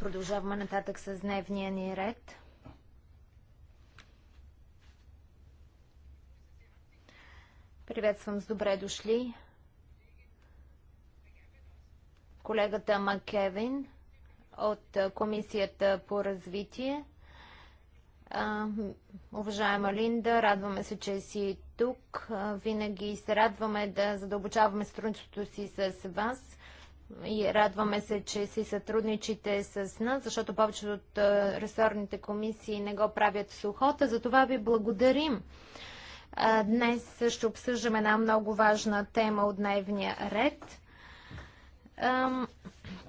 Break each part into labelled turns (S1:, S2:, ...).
S1: Продължаваме нататък с дневния ни ред. Приветствам с добре дошли колегата Макевин от Комисията по развитие. уважаема Линда, радваме се, че си тук. винаги се радваме да задълбочаваме сътрудничеството си с вас и радваме се, че си сътрудничите с нас, защото повечето от е, ресорните комисии не го правят в сухота. За това ви благодарим. Днес ще обсъждаме една много важна тема от дневния ред.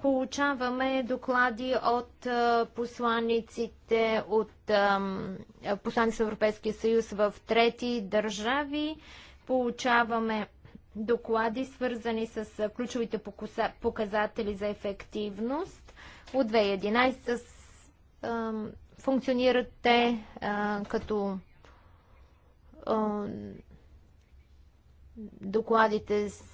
S1: Получаваме доклади от е, посланиците от посланици Европейския съюз в трети държави. Получаваме доклади, свързани с ключовите показатели за ефективност. От 2011 а, функционират те а, като а, докладите с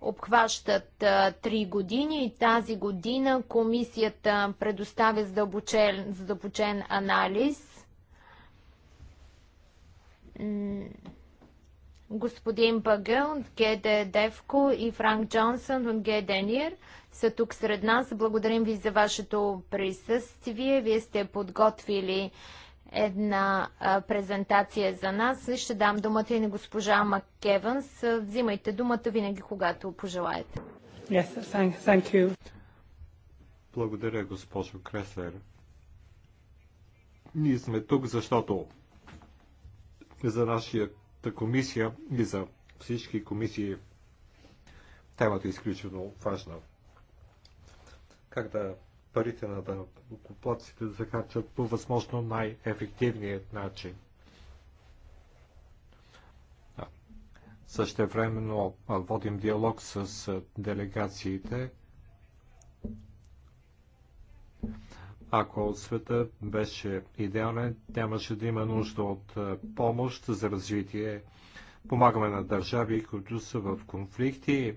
S1: обхващат 3 години и тази година комисията предоставя задълбочен, задълбочен анализ Господин Багъл от ГД Девко и Франк Джонсън от ГД Нир са тук сред нас. Благодарим ви за вашето присъствие. Вие сте подготвили една презентация за нас. Ще дам думата и на госпожа Маккевънс. Взимайте думата винаги, когато пожелаете.
S2: Yes, thank, thank you. Благодаря, госпожо Креслер. Ние сме тук, защото за нашия Европейската комисия и за всички комисии темата е изключително важна. Как да парите на данъкоплатците да се харчат по възможно най ефективният начин. Също времено водим диалог с делегациите Ако от света беше идеален, нямаше да има нужда от помощ за развитие. Помагаме на държави, които са в конфликти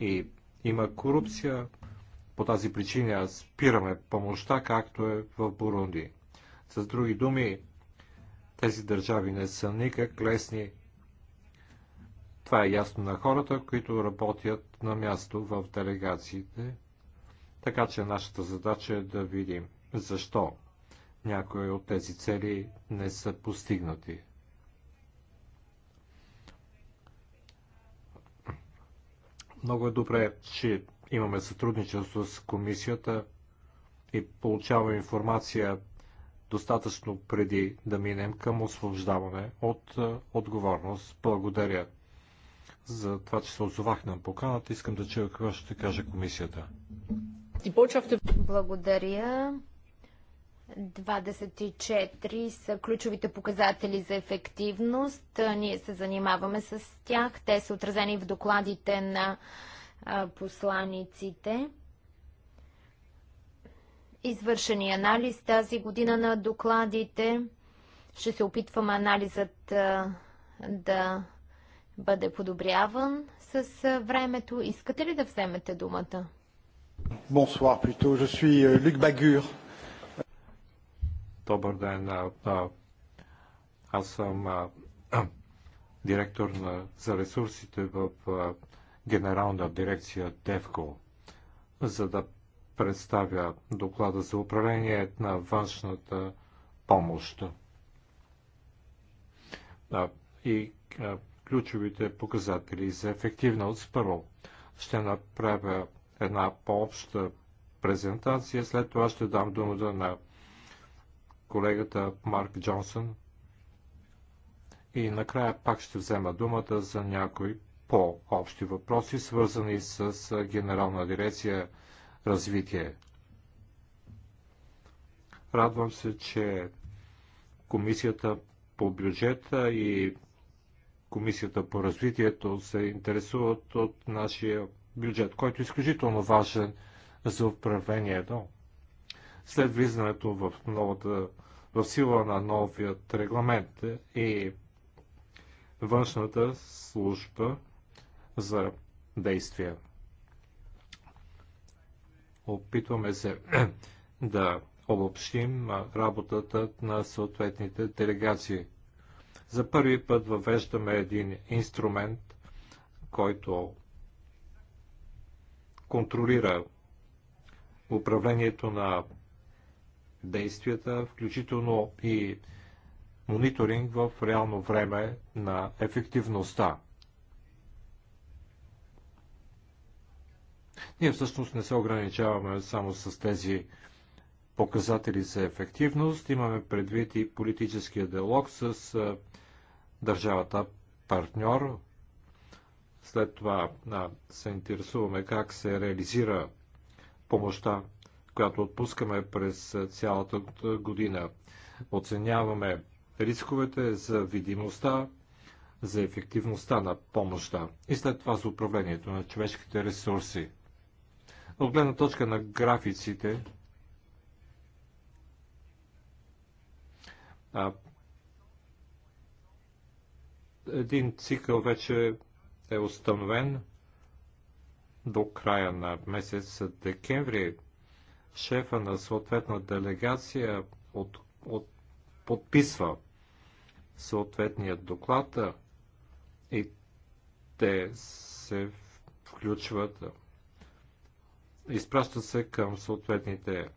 S2: и има корупция. По тази причина спираме помощта, както е в Бурунди. С други думи, тези държави не са никак лесни. Това е ясно на хората, които работят на място в делегациите. Така че нашата задача е да видим защо някои от тези цели не са постигнати. Много е добре, че имаме сътрудничество с комисията и получаваме информация достатъчно преди да минем към освобождаване от е, отговорност. Благодаря за това, че се озовах на поканата. Искам да чуя какво ще каже комисията.
S1: Благодаря. 24 са ключовите показатели за ефективност. Ние се занимаваме с тях. Те са отразени в докладите на посланиците. Извършени е анализ тази година на докладите. Ще се опитвам анализът да бъде подобряван с времето. Искате ли да вземете думата?
S2: Bonsoir, plutôt. Je suis euh, Luc Багюр. Добър ден. Аз съм директор за ресурсите в Генерална дирекция ДЕВКО, за да представя доклада за управление на външната помощ и ключовите показатели за ефективност. Първо ще направя една по-обща презентация. След това ще дам думата на колегата Марк Джонсън. И накрая пак ще взема думата за някои по-общи въпроси, свързани с Генерална дирекция развитие. Радвам се, че Комисията по бюджета и Комисията по развитието се интересуват от нашия бюджет, който е изключително важен за управлението. След влизането в, новата, в сила на новият регламент и външната служба за действия. Опитваме се да обобщим работата на съответните делегации. За първи път въвеждаме един инструмент, който контролира управлението на действията, включително и мониторинг в реално време на ефективността. Ние всъщност не се ограничаваме само с тези показатели за ефективност, имаме предвид и политическия диалог с държавата партньор. След това а, се интересуваме как се реализира помощта, която отпускаме през цялата година. Оценяваме рисковете за видимостта, за ефективността на помощта и след това за управлението на човешките ресурси. От гледна точка на графиците, а, един цикъл вече е установен до края на месец декември. Шефа на съответна делегация от, от, подписва съответният доклад и те се включват, изпращат се към съответните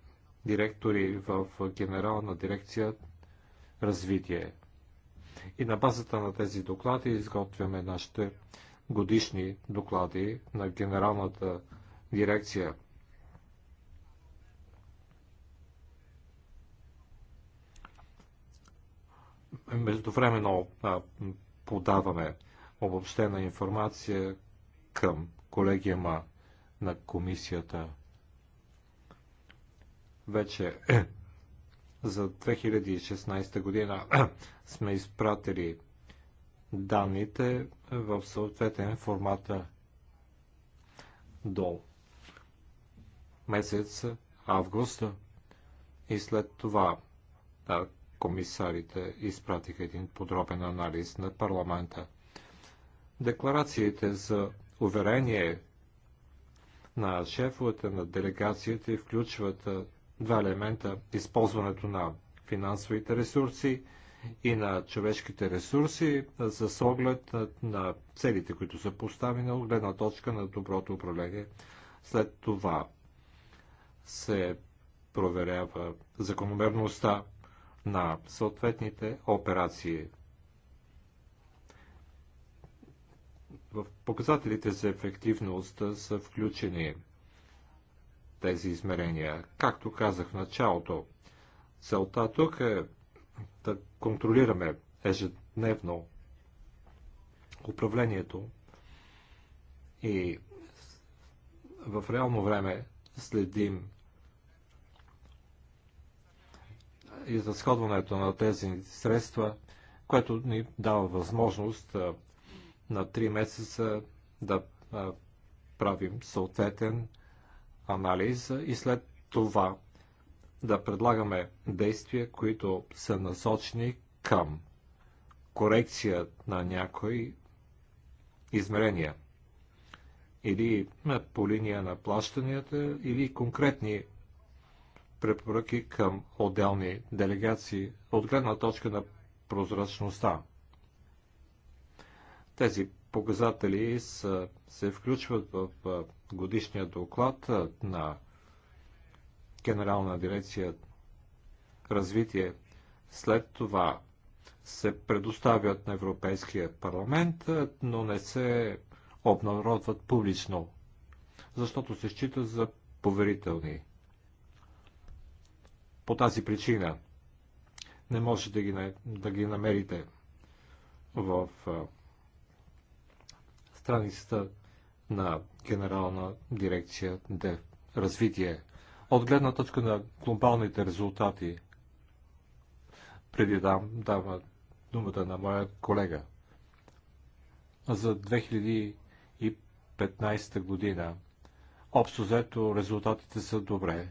S2: директори в Генерална дирекция развитие. И на базата на тези доклади изготвяме нашите годишни доклади на Генералната дирекция. Междувременно подаваме обобщена информация към колегиема на комисията. Вече за 2016 година сме изпратили данните в съответен формат до месец август и след това да, комисарите изпратиха един подробен анализ на парламента. Декларациите за уверение на шефовете на делегацията включват два елемента – използването на финансовите ресурси – и на човешките ресурси за оглед на целите, които са поставени от гледна точка на доброто управление. След това се проверява закономерността на съответните операции. В показателите за ефективност са включени тези измерения. Както казах в началото, целта тук е да контролираме ежедневно управлението и в реално време следим изразходването на тези средства, което ни дава възможност на 3 месеца да правим съответен анализ и след това да предлагаме действия, които са насочени към корекция на някои измерения или е, по линия на плащанията, или конкретни препоръки към отделни делегации от гледна точка на прозрачността. Тези показатели са, се включват в е, годишния доклад е, на генерална дирекция развитие. След това се предоставят на Европейския парламент, но не се обнародват публично, защото се счита за поверителни. По тази причина не можете да ги, да ги намерите в страницата на Генерална дирекция Д. Развитие от гледна точка на глобалните резултати. Преди дам, дам думата на моя колега. За 2015 година общо взето резултатите са добре.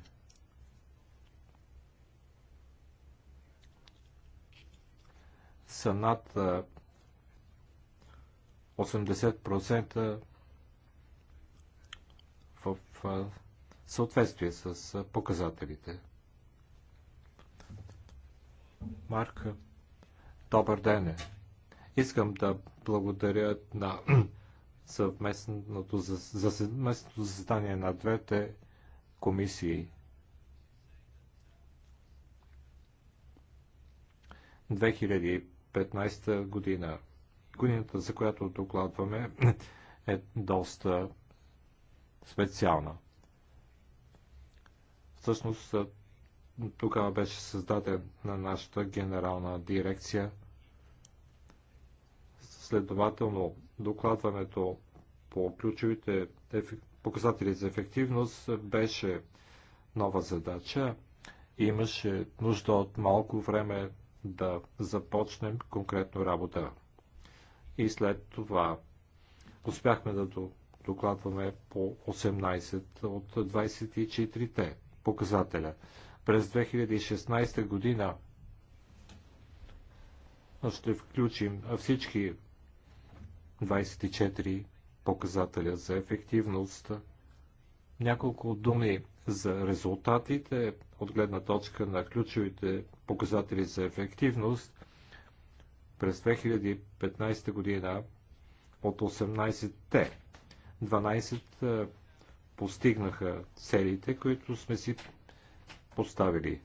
S2: Са над 80% в съответствие с показателите. Марк, добър ден е. Искам да благодаря на съвместното, за съвместното заседание на двете комисии. 2015 година. Годината, за която докладваме, е доста специална. Всъщност тогава беше създаден на нашата генерална дирекция. Следователно, докладването по ключовите показатели за ефективност беше нова задача. Имаше нужда от малко време да започнем конкретно работа. И след това успяхме да докладваме по 18 от 24-те показателя. През 2016 година ще включим всички 24 показателя за ефективност. Няколко думи за резултатите от гледна точка на ключовите показатели за ефективност. През 2015 година от 18-те 12 постигнаха целите, които сме си поставили.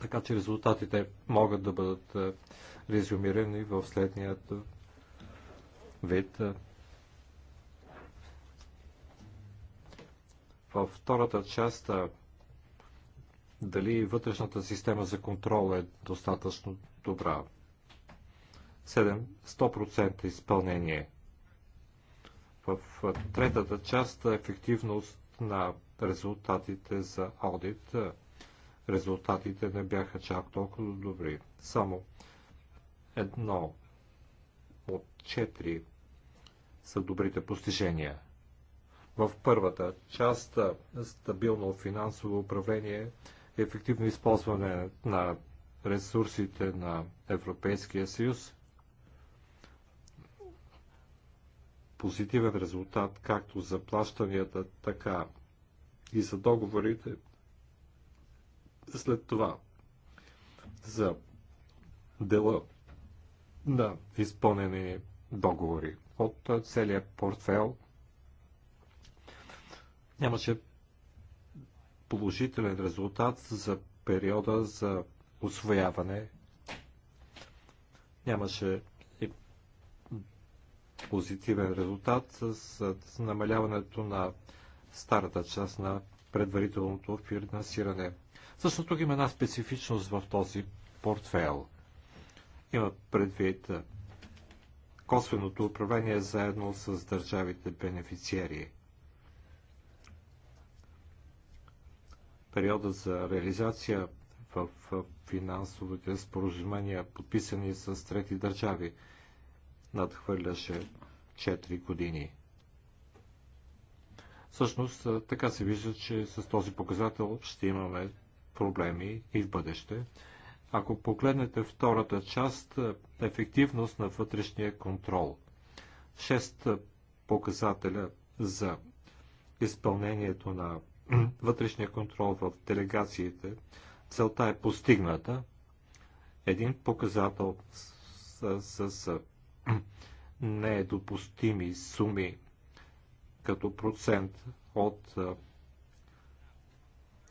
S2: Така че резултатите могат да бъдат е, резюмирани в следният вид. Във втората част е, дали вътрешната система за контрол е достатъчно добра. 7, 100% изпълнение. В третата част ефективност на резултатите за аудит. Резултатите не бяха чак толкова добри. Само едно от четири са добрите постижения. В първата част стабилно финансово управление, ефективно използване на ресурсите на Европейския съюз – позитивен резултат както за плащанията, така и за договорите. След това за дела на изпълнени договори от целият портфел нямаше положителен резултат за периода за освояване. Нямаше позитивен резултат с намаляването на старата част на предварителното финансиране. Също тук има една специфичност в този портфел. Има предвид косвеното управление заедно с държавите бенефициери. Периода за реализация в финансовите споразумения, подписани с трети държави – надхвърляше 4 години. Всъщност, така се вижда, че с този показател ще имаме проблеми и в бъдеще. Ако погледнете втората част, ефективност на вътрешния контрол. 6 показателя за изпълнението на вътрешния контрол в делегациите. Целта е постигната. Един показател с, с, с недопустими е суми като процент от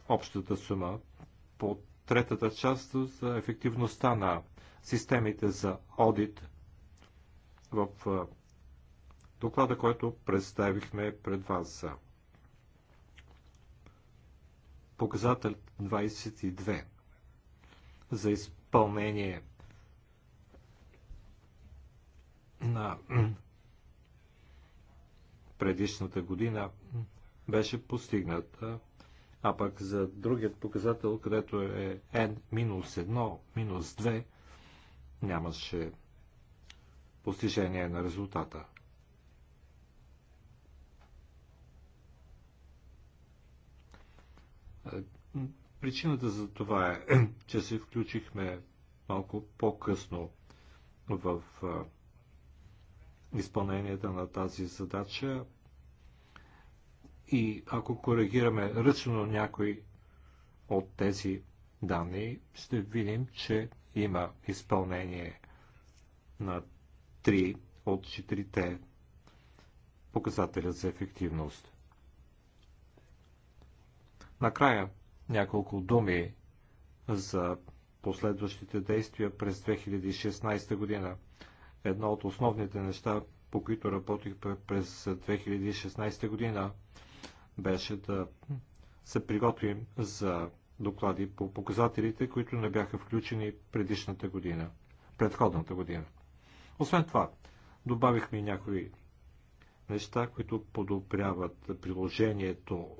S2: общата сума по третата част за ефективността на системите за одит в доклада, който представихме пред вас. Показател 22 за изпълнение на предишната година беше постигната, а пък за другият показател, където е N-1, минус 2, нямаше постижение на резултата. Причината за това е, че се включихме малко по-късно в изпълнението на тази задача. И ако коригираме ръчно някой от тези данни, ще видим, че има изпълнение на 3 от 4-те показателя за ефективност. Накрая няколко думи за последващите действия през 2016 година – едно от основните неща, по които работих през 2016 година, беше да се приготвим за доклади по показателите, които не бяха включени предишната година, предходната година. Освен това, добавихме и някои неща, които подобряват приложението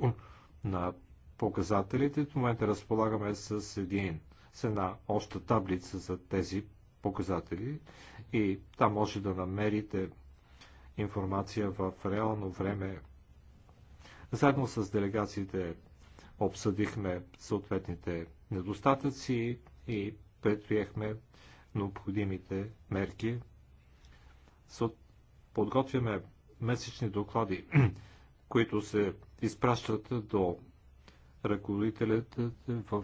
S2: на показателите. В момента разполагаме с един с една обща таблица за тези показатели и там може да намерите информация в реално време. Заедно с делегациите обсъдихме съответните недостатъци и предприехме необходимите мерки. Подготвяме месечни доклади, които се изпращат до ръководителят в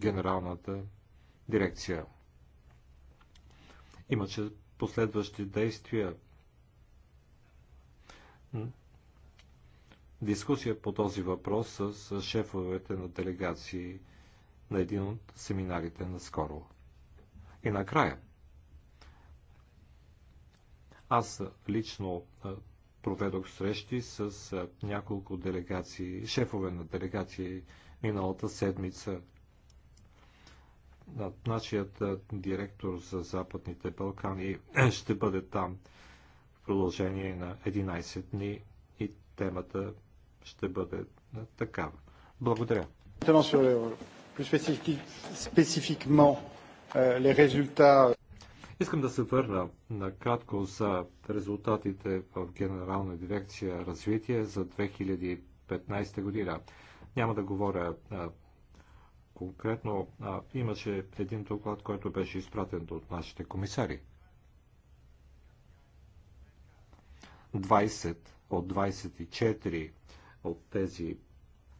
S2: генералната дирекция. Имаше последващи действия. Дискусия по този въпрос с шефовете на делегации на един от семинарите наскоро. И накрая, аз лично проведох срещи с няколко делегации, шефове на делегации миналата седмица Нашият директор за Западните Балкани ще бъде там в продължение на 11 дни и темата ще бъде такава. Благодаря. Euh, Искам да се върна на кратко за резултатите в Генерална дирекция развитие за 2015 година. Няма да говоря Конкретно а, имаше един доклад, който беше изпратен от нашите комисари. 20 от 24 от тези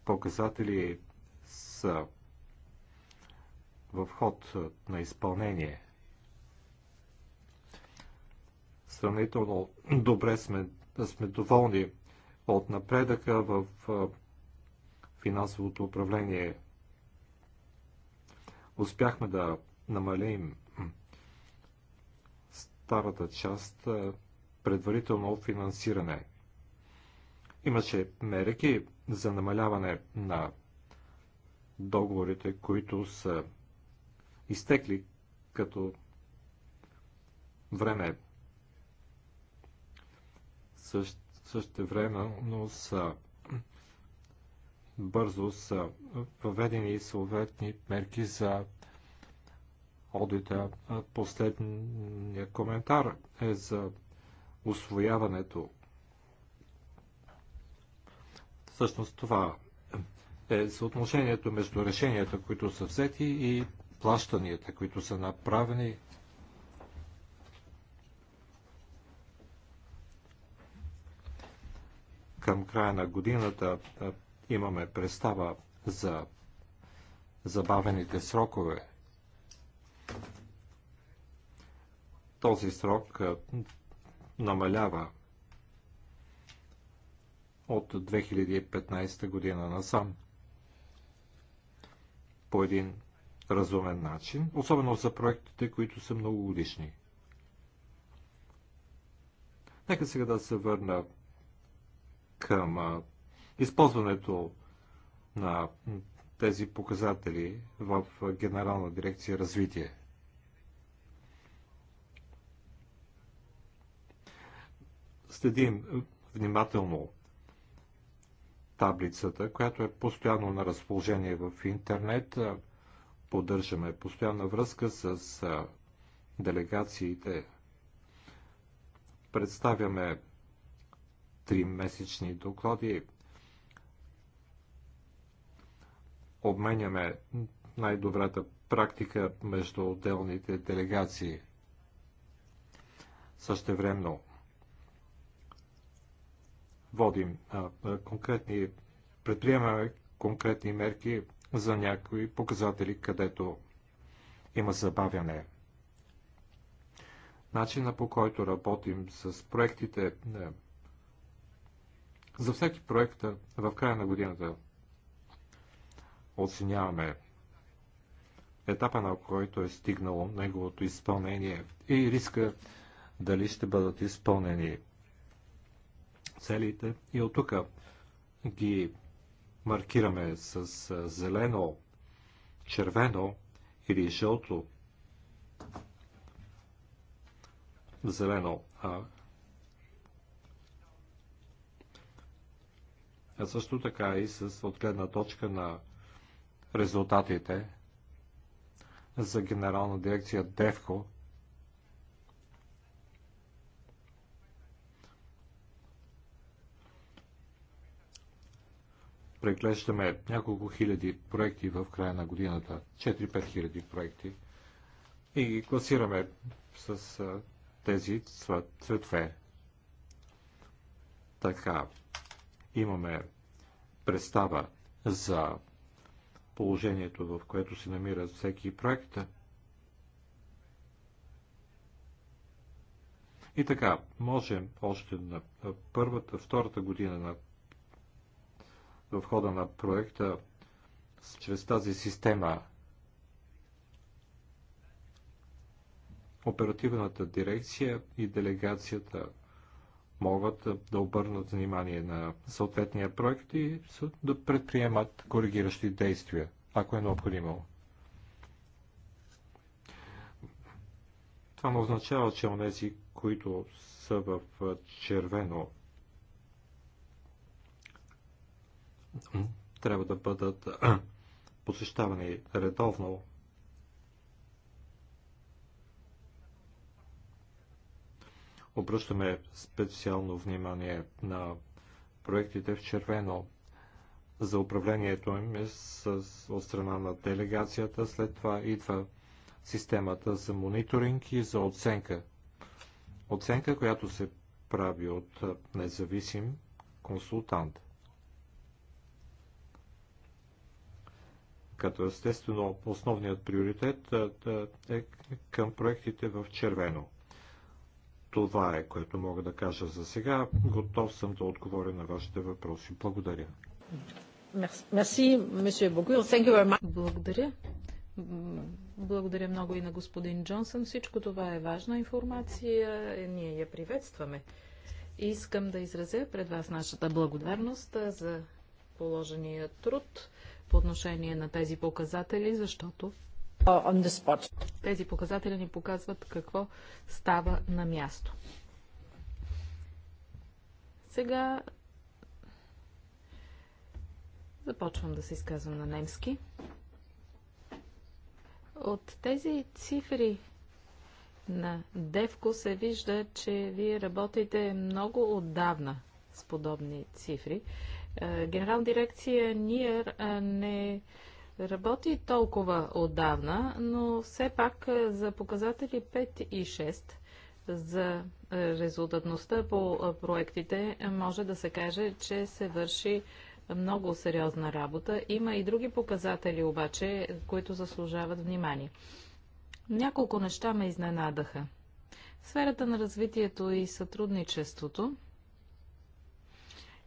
S2: показатели са в ход на изпълнение. Сравнително добре сме, сме доволни от напредъка в финансовото управление успяхме да намалим старата част предварително финансиране. Имаше мерки за намаляване на договорите, които са изтекли като време. Също, също време, но са бързо са въведени съответни мерки за одита. Последният коментар е за освояването. Всъщност това е съотношението между решенията, които са взети и плащанията, които са направени. Към края на годината имаме представа за забавените срокове. Този срок намалява от 2015 година насам по един разумен начин, особено за проектите, които са многогодишни. Нека сега да се върна към използването на тези показатели в Генерална дирекция развитие. Следим внимателно таблицата, която е постоянно на разположение в интернет. Поддържаме постоянна връзка с делегациите. Представяме три месечни доклади обменяме най-добрата практика между отделните делегации. Същевременно водим а, конкретни, предприемаме конкретни мерки за някои показатели, където има забавяне. Начина по който работим с проектите, за всеки проект в края на годината оценяваме етапа, на който е стигнало неговото изпълнение и риска дали ще бъдат изпълнени целите. И от тук ги маркираме с зелено, червено или жълто. Зелено. А, а също така и с отгледна точка на резултатите за генерална дирекция ДЕВКО. Преглеждаме няколко хиляди проекти в края на годината, 4-5 хиляди проекти и ги класираме с тези цветове. Така, имаме представа за положението, в което се намира всеки проект. И така, можем още на първата, втората година на, в хода на проекта, чрез тази система, оперативната дирекция и делегацията могат да обърнат внимание на съответния проект и да предприемат коригиращи действия, ако е необходимо. Това не означава, че онези, които са в червено, трябва да бъдат посещавани редовно Обръщаме специално внимание на проектите в червено за управлението им е с, от страна на делегацията. След това идва системата за мониторинг и за оценка. Оценка, която се прави от независим консултант. Като естествено основният приоритет е към проектите в червено. Това е, което мога да кажа за сега. Готов съм да отговоря на вашите въпроси. Благодаря.
S3: Благодаря. Благодаря много и на господин Джонсън. Всичко това е важна информация. Е, ние я приветстваме. Искам да изразя пред вас нашата благодарност за положения труд по отношение на тези показатели, защото тези показатели ни показват какво става на място. Сега започвам да се изказвам на немски. От тези цифри на Девко се вижда, че вие работите много отдавна с подобни цифри. Е, Генерална дирекция Ниер не работи толкова отдавна, но все пак е, за показатели 5 и 6 за резултатността по е, проектите е, може да се каже, че се върши много сериозна работа. Има и други показатели обаче, които заслужават внимание. Няколко неща ме изненадаха. сферата на развитието и сътрудничеството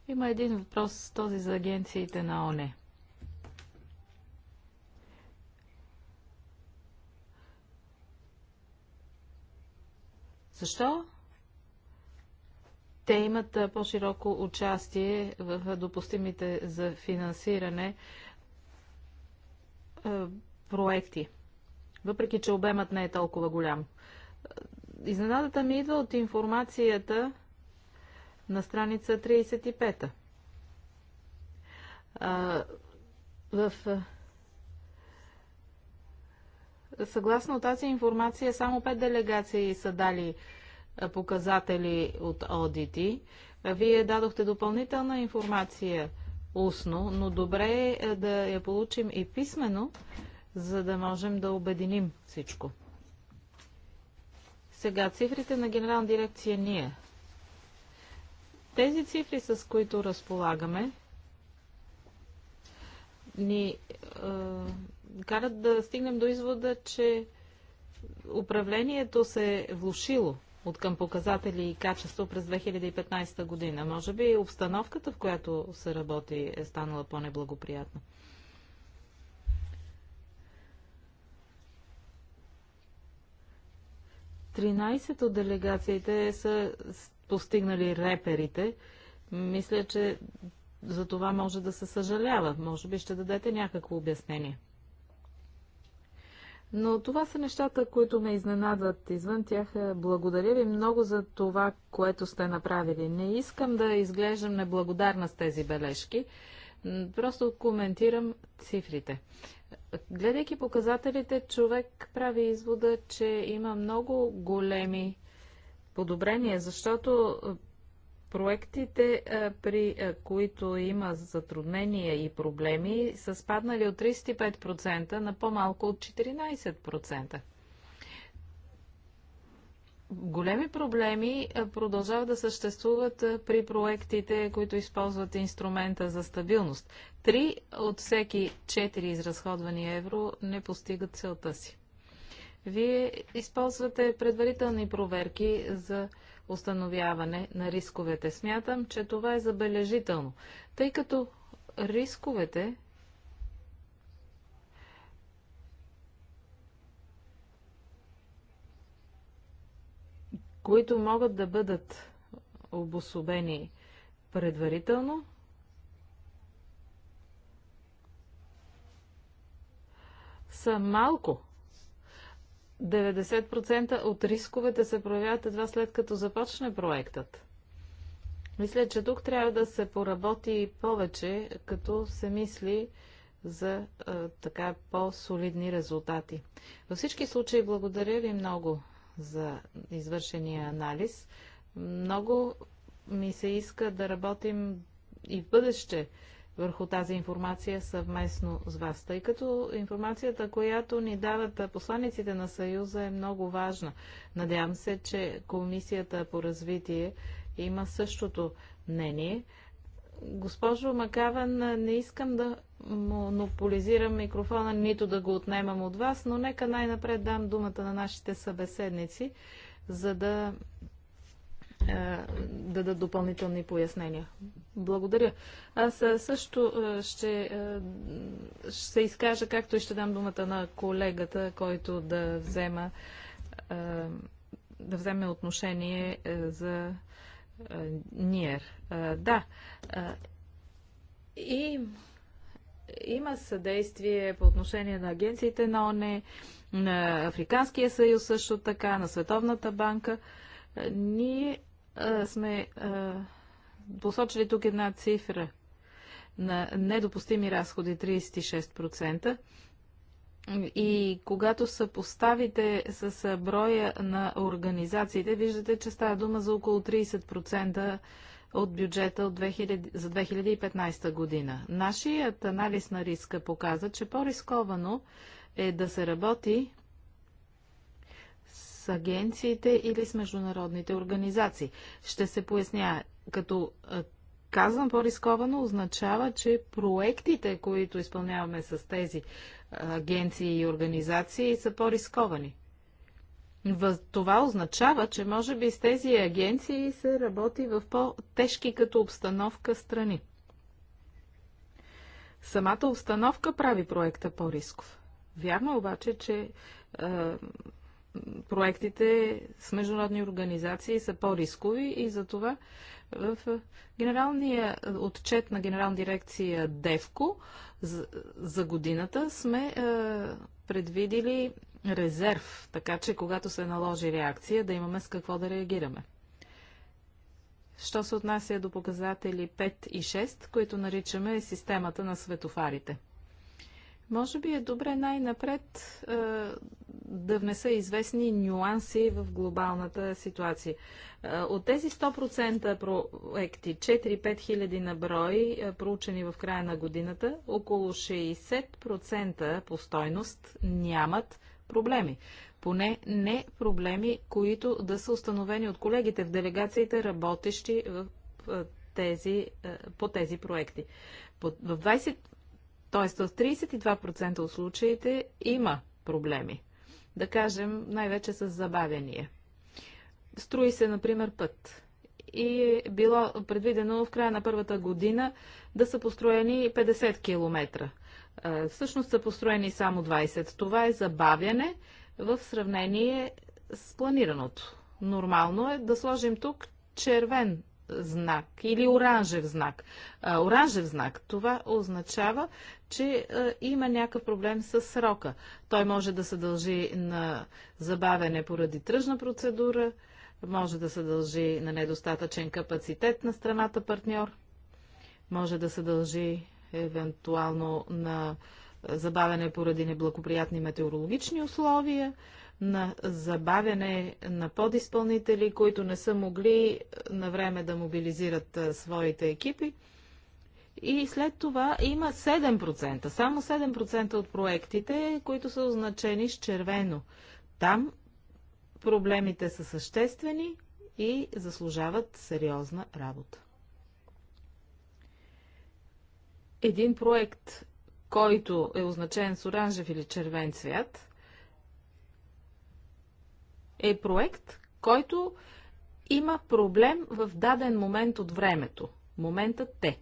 S3: има един въпрос, този за агенциите на ОНЕ – Защо? Те имат по-широко участие в допустимите за финансиране проекти, въпреки че обемът не е толкова голям. Изненадата ми идва от информацията на страница 35. В съгласно тази информация, само пет делегации са дали е, показатели от одити. Вие дадохте допълнителна информация устно, но добре е, е да я получим и писменно, за да можем да обединим всичко. Сега цифрите на Генерална дирекция ние. Тези цифри, с които разполагаме, ни е, карат да стигнем до извода, че управлението се е влушило от към показатели и качество през 2015 година. Може би обстановката, в която се работи, е станала по-неблагоприятна. Тринайсет от делегациите са постигнали реперите. Мисля, че за това може да се съжалява. Може би ще дадете някакво обяснение. Но това са нещата, които ме изненадват. Извън тях благодаря ви много за това, което сте направили. Не искам да изглеждам неблагодарна с тези бележки. Просто коментирам цифрите. Гледайки показателите, човек прави извода, че има много големи подобрения, защото Проектите, е, при е, които има затруднения и проблеми, са спаднали от 35% на по-малко от 14%. Големи проблеми е, продължават да съществуват при проектите, които използват инструмента за стабилност. Три от всеки четири изразходвани евро не постигат целта си. Вие използвате предварителни проверки за установяване на рисковете. Смятам, че това е забележително, тъй като рисковете които могат да бъдат обособени предварително, са малко 90% от рисковете се проявяват едва след като започне проектът. Мисля, че тук трябва да се поработи повече, като се мисли за а, така по-солидни резултати. Във всички случаи благодаря ви много за извършения анализ. Много ми се иска да работим и в бъдеще върху тази информация съвместно с вас, тъй като информацията, която ни дават посланиците на Съюза е много важна. Надявам се, че Комисията по развитие има същото мнение. Госпожо Макаван, не искам да монополизирам микрофона, нито да го отнемам от вас, но нека най-напред дам думата на нашите събеседници, за да е, дадат допълнителни пояснения. Благодаря. Аз е, също е, ще, ще се изкажа, както и ще дам думата на колегата, който да взема да вземе отношение за НИЕР. Да, и има съдействие по отношение на агенциите на ОНЕ, на Африканския съюз също така, на Световната банка. Ние а, сме а, посочили тук една цифра на недопустими разходи 36%. И когато съпоставите с броя на организациите, виждате, че става дума за около 30% от бюджета от 2000, за 2015 година. Нашият анализ на риска показа, че по-рисковано е да се работи с агенциите или с международните организации. Ще се поясня, като казвам по-рисковано, означава, че проектите, които изпълняваме с тези агенции и организации, са по-рисковани. Това означава, че може би с тези агенции се работи в по-тежки като обстановка страни. Самата обстановка прави проекта по-рисков. Вярно е обаче, че е, проектите с международни организации са по-рискови и затова в генералния отчет на генерална дирекция ДЕВКО за, годината сме е, предвидили резерв, така че когато се наложи реакция, да имаме с какво да реагираме. Що се отнася до показатели 5 и 6, които наричаме системата на светофарите – може би е добре най-напред е, да внеса известни нюанси в глобалната ситуация. Е, от тези 100% проекти, 4-5 хиляди на брой, е, проучени в края на годината, около 60% по стойност нямат проблеми. Поне не проблеми, които да са установени от колегите в делегациите, работещи в е, тези, е, по тези проекти. В 20 Тоест в 32% от случаите има проблеми. Да кажем, най-вече с забавяние. Строи се, например, път. И е било предвидено в края на първата година да са построени 50 км. Всъщност са построени само 20. Това е забавяне в сравнение с планираното. Нормално е да сложим тук червен знак или оранжев знак. А, оранжев знак, това означава, че а, има някакъв проблем с срока. Той може да се дължи на забавене поради тръжна процедура, може да се дължи на недостатъчен капацитет на страната партньор, може да се дължи евентуално на забавяне поради неблагоприятни метеорологични условия, на забавяне на подизпълнители, които не са могли е, на време да мобилизират е, своите екипи. И след това има 7%, само 7% от проектите, които са означени с червено. Там проблемите са съществени и заслужават сериозна работа. Един проект, който е означен с оранжев или червен цвят, е проект, който има проблем в даден момент от времето. момента те.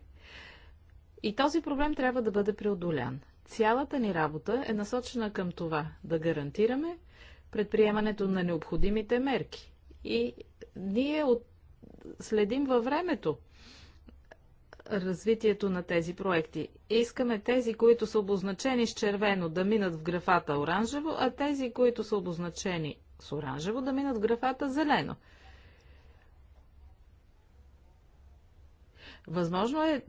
S3: И този проблем трябва да бъде преодолян. Цялата ни работа е насочена към това да гарантираме предприемането на необходимите мерки. И ние от... следим във времето развитието на тези проекти. Искаме тези, които са обозначени с червено, да минат в графата оранжево, а тези, които са обозначени с оранжево да минат графата зелено. Възможно е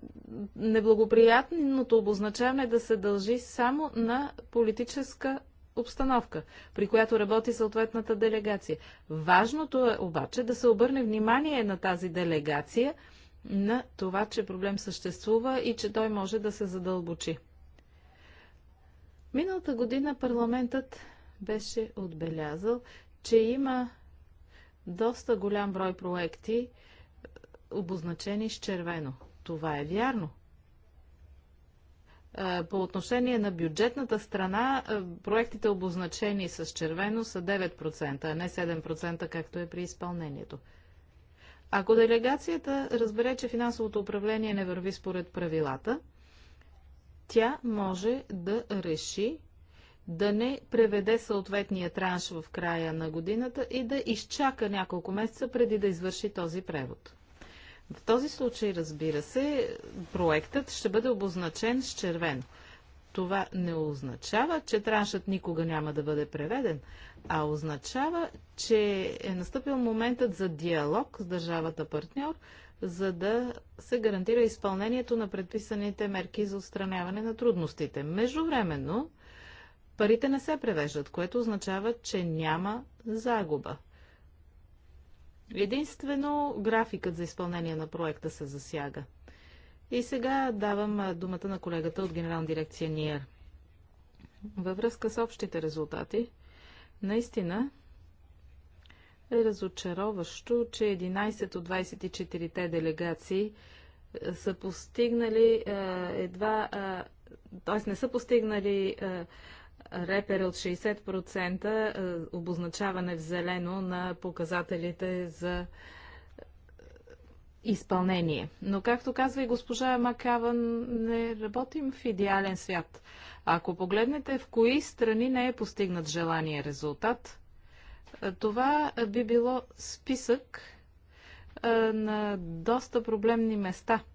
S3: неблагоприятното обозначаване да се дължи само на политическа обстановка, при която работи съответната делегация. Важното е обаче да се обърне внимание на тази делегация на това, че проблем съществува и че той може да се задълбочи. Миналата година парламентът беше отбелязал, че има доста голям брой проекти, е, обозначени с червено. Това е вярно. Е, по отношение на бюджетната страна, е, проектите обозначени с червено са 9%, а не 7%, както е при изпълнението. Ако делегацията разбере, че финансовото управление не върви според правилата, тя може да реши да не преведе съответния транш в края на годината и да изчака няколко месеца преди да извърши този превод. В този случай, разбира се, проектът ще бъде обозначен с червено. Това не означава, че траншът никога няма да бъде преведен, а означава, че е настъпил моментът за диалог с държавата партньор, за да се гарантира изпълнението на предписаните мерки за отстраняване на трудностите. Междувременно, парите не се превеждат, което означава, че няма загуба. Единствено графикът за изпълнение на проекта се засяга. И сега давам думата на колегата от Генерална дирекция НИЕР. Във връзка с общите резултати, наистина е разочароващо, че 11 от 24-те делегации са постигнали едва, т.е. не са постигнали репер от 60% е, обозначаване в зелено на показателите за е, изпълнение. Но, както казва и госпожа Макаван, не работим в идеален свят. Ако погледнете в кои страни не е постигнат желания резултат, е, това би било списък на доста проблемни места –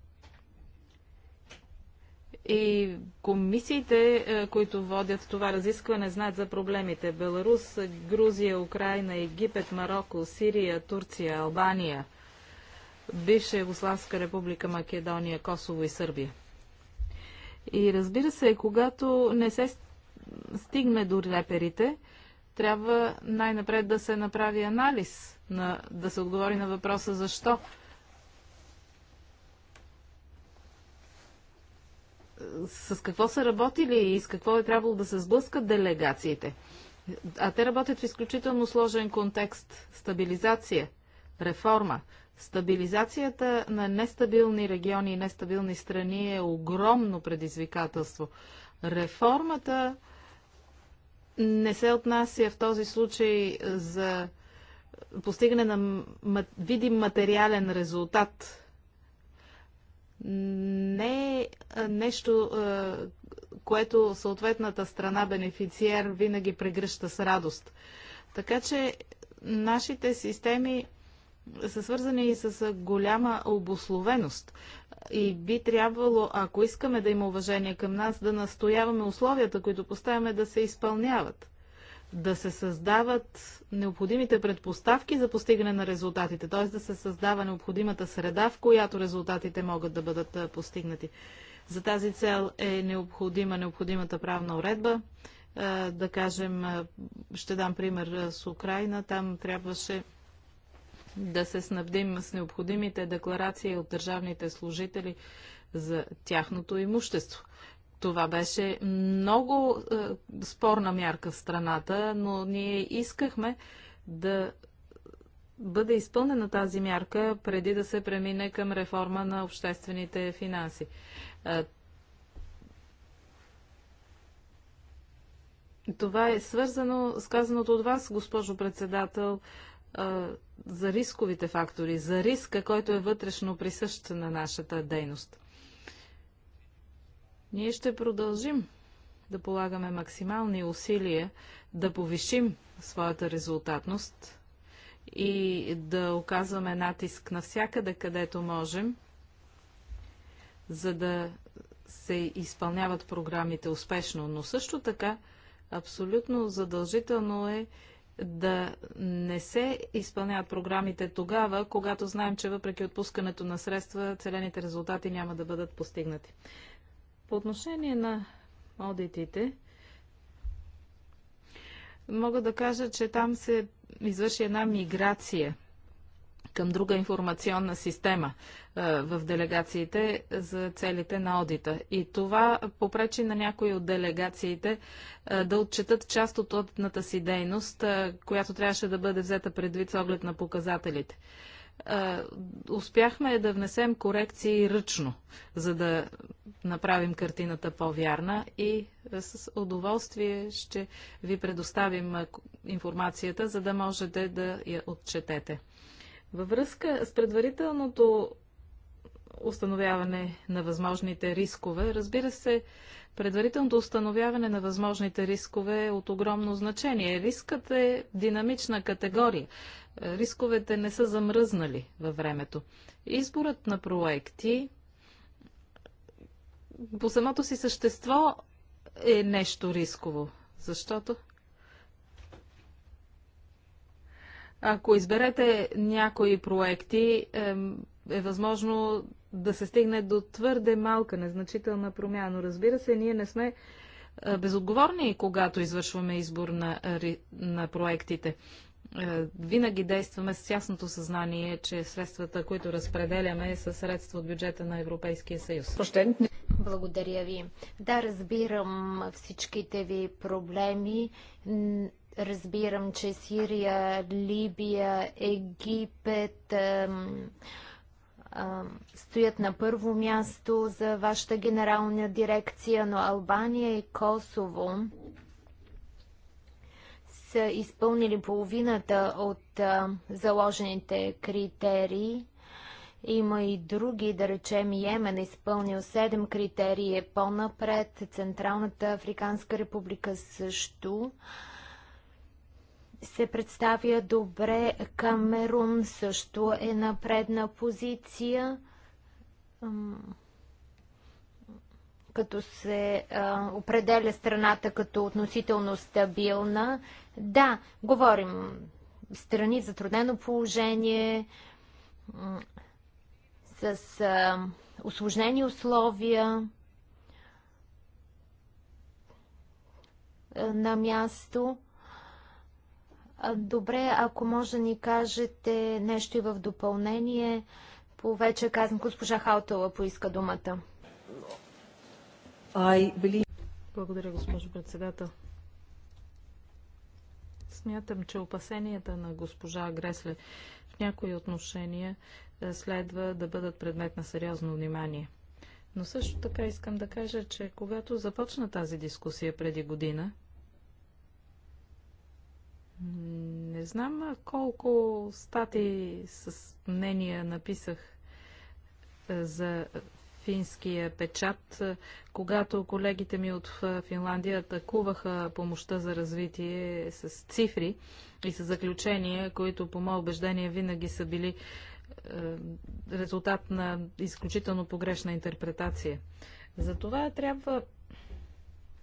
S3: и комисиите, е, които водят това разискване, знаят за проблемите. Беларус, Грузия, Украина, Египет, Марокко, Сирия, Турция, Албания, бивша Югославска република Македония, Косово и Сърбия. И разбира се, когато не се стигне до реперите, трябва най-напред да се направи анализ, на, да се отговори на въпроса защо с какво са работили и с какво е трябвало да се сблъскат делегациите. А те работят в изключително сложен контекст. Стабилизация, реформа. Стабилизацията на нестабилни региони и нестабилни страни е огромно предизвикателство. Реформата не се отнася в този случай за постигане на видим материален резултат, не е нещо, е, което съответната страна бенефициер винаги прегръща с радост. Така че нашите системи са свързани и с голяма обословеност. И би трябвало, ако искаме да има уважение към нас, да настояваме условията, които поставяме да се изпълняват да се създават необходимите предпоставки за постигане на резултатите, т.е. да се създава необходимата среда, в която резултатите могат да бъдат постигнати. За тази цел е необходима необходимата правна уредба. Да кажем, ще дам пример с Украина. Там трябваше да се снабдим с необходимите декларации от държавните служители за тяхното имущество. Това беше много е, спорна мярка в страната, но ние искахме да бъде изпълнена тази мярка преди да се премине към реформа на обществените финанси. Е, това е свързано с казаното от вас, госпожо председател, е, за рисковите фактори, за риска, който е вътрешно присъщ на нашата дейност. Ние ще продължим да полагаме максимални усилия да повишим своята резултатност и да оказваме натиск навсякъде, където можем, за да се изпълняват програмите успешно. Но също така, абсолютно задължително е да не се изпълняват програмите тогава, когато знаем, че въпреки отпускането на средства, целените резултати няма да бъдат постигнати. По отношение на одитите, мога да кажа, че там се извърши една миграция към друга информационна система е, в делегациите за целите на одита. И това попречи на някои от делегациите е, да отчетат част от одитната си дейност, е, която трябваше да бъде взета предвид с оглед на показателите. Е, успяхме да внесем корекции ръчно, за да направим картината по-вярна и е, с удоволствие ще ви предоставим е, информацията, за да можете да я отчетете. Във връзка с предварителното установяване на възможните рискове, разбира се, предварителното установяване на възможните рискове е от огромно значение. Рискът е динамична категория. Рисковете не са замръзнали във времето. Изборът на проекти по самото си същество е нещо рисково, защото ако изберете някои проекти, е възможно да се стигне до твърде малка, незначителна промяна. Но разбира се, ние не сме е, безотговорни, когато извършваме избор на, на проектите. Е, винаги действаме с ясното съзнание, че средствата, които разпределяме, са средства от бюджета на Европейския съюз.
S1: Благодаря ви. Да, разбирам всичките ви проблеми. Разбирам, че Сирия, Либия, Египет стоят на първо място за вашата генерална дирекция, но Албания и Косово са изпълнили половината от заложените критерии. Има и други, да речем Йемен, е изпълнил 7 критерии е по-напред, Централната Африканска република също се представя добре. Камерун също е на предна позиция. Като се определя страната като относително стабилна, да, говорим страни в затруднено положение, с осложнени условия на място. Добре, ако може да ни кажете нещо и в допълнение, по вече казвам, госпожа Хаутала поиска думата. Believe... Благодаря, госпожо председател.
S3: Смятам, че опасенията на госпожа Гресле в някои отношения е, следва да бъдат предмет на сериозно внимание. Но също така искам да кажа, че когато започна тази дискусия преди година, не знам колко статии с мнения написах е, за финския печат, когато колегите ми от Финландия атакуваха помощта за развитие с цифри и с заключения, които по мое убеждение винаги са били е, резултат на изключително погрешна интерпретация. Затова трябва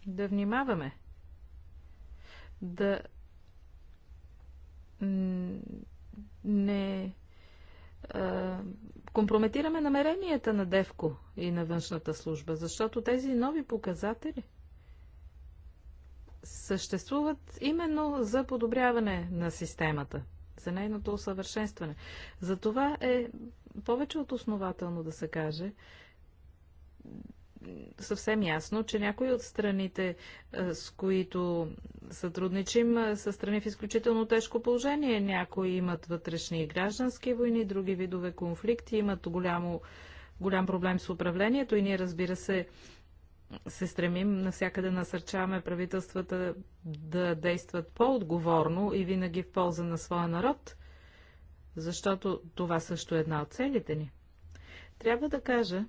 S3: да внимаваме, да не е, компрометираме намеренията на Девко и на външната служба, защото тези нови показатели съществуват именно за подобряване на системата, за нейното усъвършенстване. За това е повече от основателно да се каже, съвсем ясно, че някои от страните, е, с които сътрудничим, е, са страни в изключително тежко положение. Някои имат вътрешни и граждански войни, други видове конфликти, имат голямо, голям проблем с управлението и ние, разбира се, се стремим навсякъде насърчаваме правителствата да действат по-отговорно и винаги в полза на своя народ, защото това също е една от целите ни. Трябва да кажа,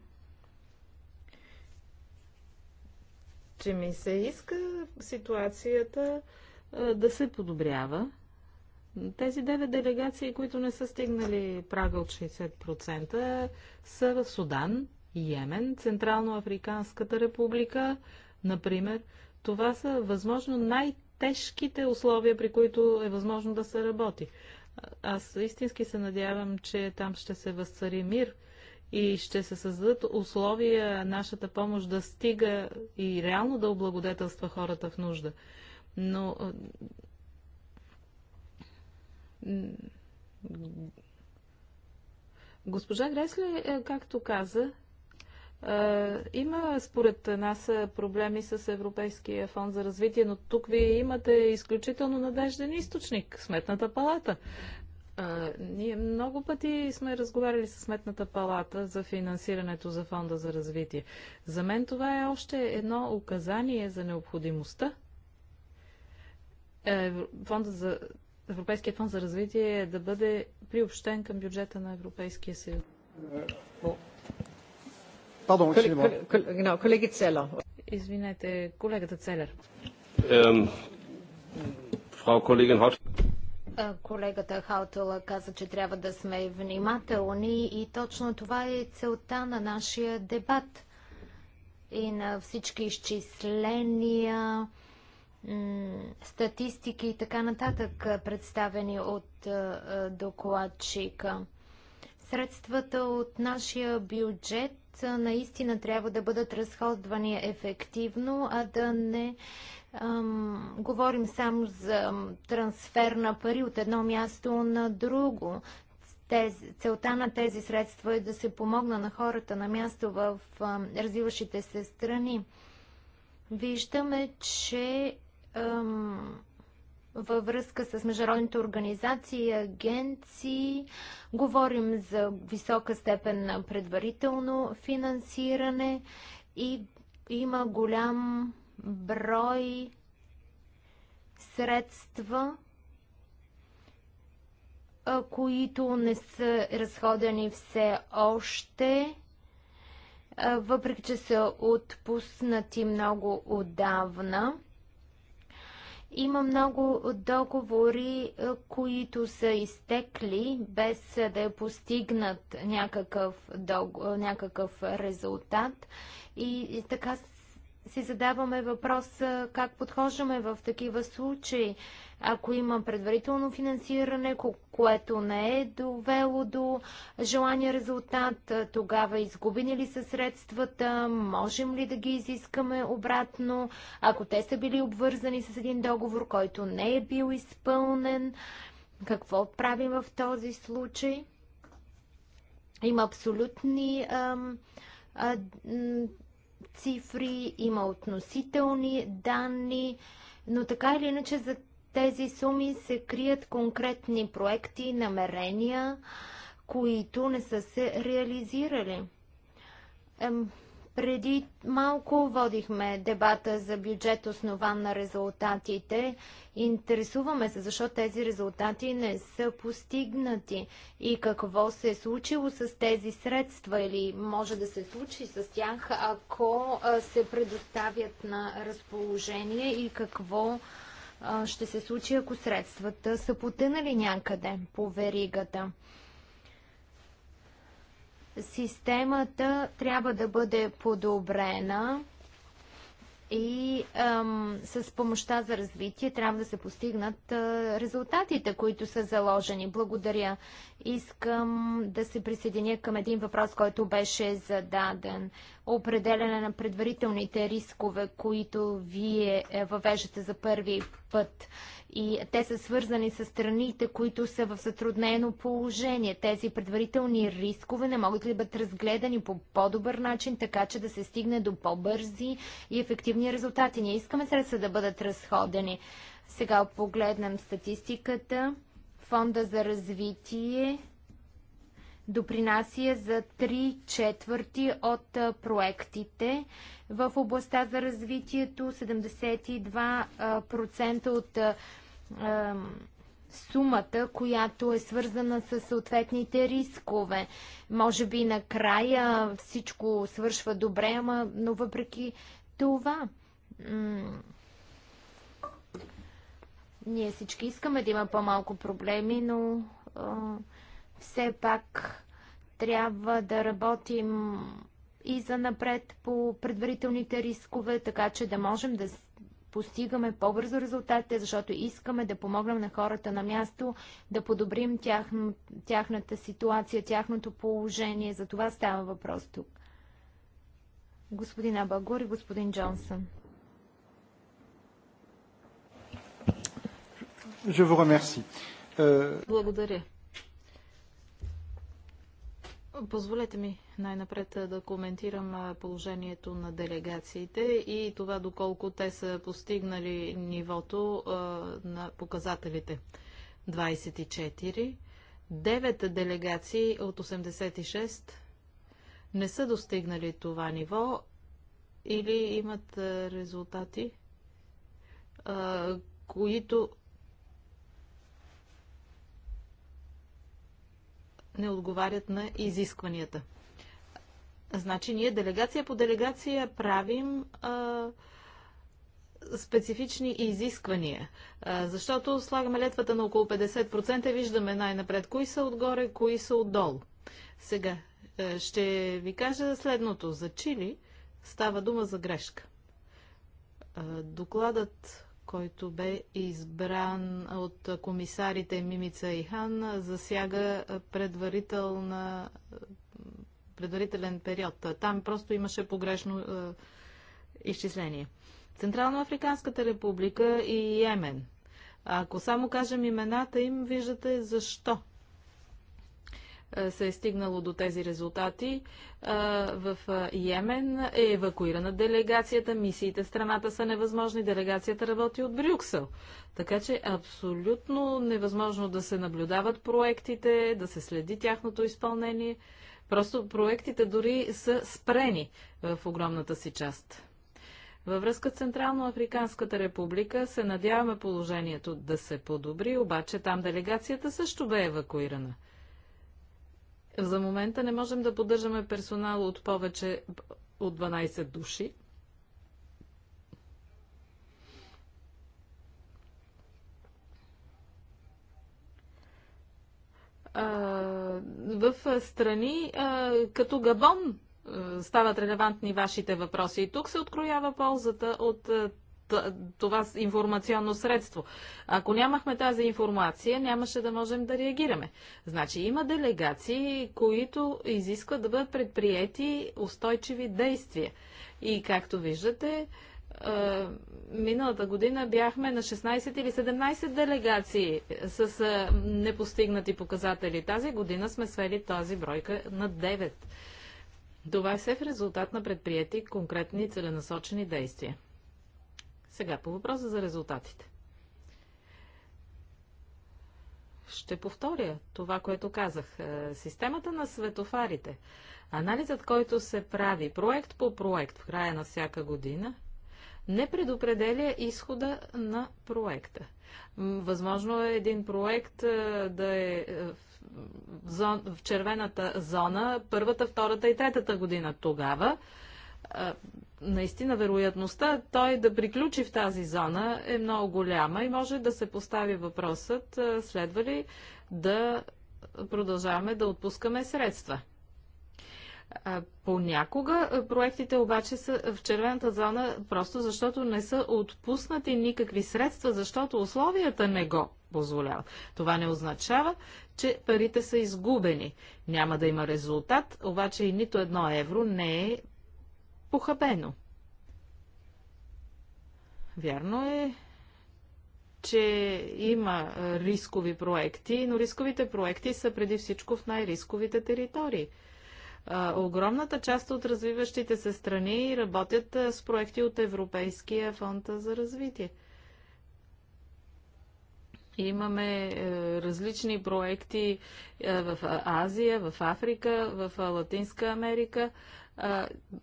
S3: че ми се иска ситуацията да се подобрява. Тези 9 делегации, които не са стигнали прага от 60%, са в Судан, Йемен, Централно-Африканската република, например. Това са възможно най-тежките условия, при които е възможно да се работи. Аз истински се надявам, че там ще се възцари мир – и ще се създадат условия нашата помощ да стига и реално да облагодетелства хората в нужда. Но госпожа Гресли, е, както каза, има според нас проблеми с Европейския фонд за развитие, но тук вие имате изключително надежден източник Сметната палата. А, ние много пъти сме разговаряли с Сметната палата за финансирането за Фонда за развитие. За мен това е още едно указание за необходимостта. Е, фонда за, Европейския фонд за развитие е да бъде приобщен към бюджета на Европейския съюз. колеги Целер.
S1: Извинете, колегата Целер.
S2: Фрау Kollegin Hott.
S1: Колегата Хаутала каза, че трябва да сме внимателни и точно това е целта на нашия дебат и на всички изчисления, статистики и така нататък, представени от докладчика. Средствата от нашия бюджет наистина трябва да бъдат разходвани ефективно, а да не Ам, говорим само за трансфер на пари от едно място на друго. Тез, целта на тези средства е да се помогна на хората на място в ам, развиващите се страни. Виждаме, че ам, във връзка с международните организации и агенции. Говорим за висока степен на предварително финансиране и има голям брой средства, които не са разходени все още, въпреки че са отпуснати много отдавна. Има много договори, които са изтекли, без да е постигнат някакъв, някакъв резултат. И, и така си задаваме въпроса как подхождаме в такива случаи. Ако има предварително финансиране, което не е довело до желания резултат, тогава изгубени ли са средствата, можем ли да ги изискаме обратно, ако те са били обвързани с един договор, който не е бил изпълнен, какво правим в този случай? Има абсолютни ам, а, цифри, има относителни данни, но така или иначе за тези суми се крият конкретни проекти, намерения, които не са се реализирали. Ем, преди малко водихме дебата за бюджет основан на резултатите. Интересуваме се защо тези резултати не са постигнати и какво се е случило с тези средства или може да се случи с тях, ако се предоставят на разположение и какво ще се случи, ако средствата са потънали някъде по веригата. Системата трябва да бъде подобрена и ам, с помощта за развитие трябва да се постигнат а, резултатите, които са заложени. Благодаря. Искам да се присъединя към един въпрос, който беше зададен определяне на предварителните рискове, които вие е, въвеждате за първи път. И те са свързани с страните, които са в затруднено положение. Тези предварителни рискове не могат ли да бъдат разгледани по по-добър начин, така че да се стигне до по-бързи и ефективни резултати? Ние искаме средства да бъдат разходени. Сега погледнем статистиката. Фонда за развитие допринася за три четвърти от проектите в областта за развитието, 72% от сумата, която е свързана с съответните рискове. Може би накрая всичко свършва добре, ама, но въпреки това. Ние всички искаме да има по-малко проблеми, но а, все пак трябва да работим и за напред по предварителните рискове, така че да можем да постигаме по-бързо резултатите, защото искаме да помогнем на хората на място, да подобрим тяхно, тяхната ситуация, тяхното положение. За това става въпрос тук. Господин Абагур и господин Джонсън. Euh, Благодаря.
S3: Позволете ми най-напред да коментирам положението на делегациите и това доколко те са постигнали нивото на показателите. 24. 9 делегации от 86 не са достигнали това ниво или имат резултати, които не отговарят на изискванията. Значи ние делегация по делегация правим а, специфични изисквания, а, защото слагаме летвата на около 50% и виждаме най-напред кои са отгоре, кои са отдолу. Сега а, ще ви кажа следното. За Чили става дума за грешка. А, докладът който бе избран от комисарите Мимица и Хан, засяга предварителна, предварителен период. Там просто имаше погрешно е, изчисление. Централноафриканската република и Йемен. Ако само кажем имената им, виждате защо е, се е стигнало до тези резултати. Е, в е, Йемен е евакуирана делегацията, мисиите страната са невъзможни, делегацията работи от Брюксел. Така че е абсолютно невъзможно да се наблюдават проектите, да се следи тяхното изпълнение. Просто проектите дори са спрени в огромната си част. Във връзка с Централно-Африканската република се надяваме положението да се подобри, обаче там делегацията също бе евакуирана. За момента не можем да поддържаме персонал от повече от 12 души. в страни като Габон стават релевантни вашите въпроси. И тук се откроява ползата от това информационно средство. Ако нямахме тази информация, нямаше да можем да реагираме. Значи има делегации, които изискват да бъдат предприяти устойчиви действия. И както виждате, е, миналата година бяхме на 16 или 17 делегации с е, непостигнати показатели. Тази година сме свели тази бройка на 9. Това е все в резултат на предприяти конкретни целенасочени действия. Сега по въпроса за резултатите. Ще повторя това, което казах. Е, системата на светофарите, анализът, който се прави проект по проект в края на всяка година, не предопределя изхода на проекта. Възможно е един проект е, да е, е в, зон, в червената зона първата, втората и третата година. Тогава наистина вероятността той да приключи в тази зона е много голяма и може да се постави въпросът следва ли да продължаваме да отпускаме средства. Понякога проектите обаче са в червената зона, просто защото не са отпуснати никакви средства, защото условията не го позволяват. Това не означава, че парите са изгубени. Няма да има резултат, обаче и нито едно евро не е похабено. Вярно е, че има рискови проекти, но рисковите проекти са преди всичко в най-рисковите територии. огромната част от развиващите се страни работят с проекти от Европейския фонд за развитие. Имаме е, различни проекти е, в Азия, в Африка, в Латинска Америка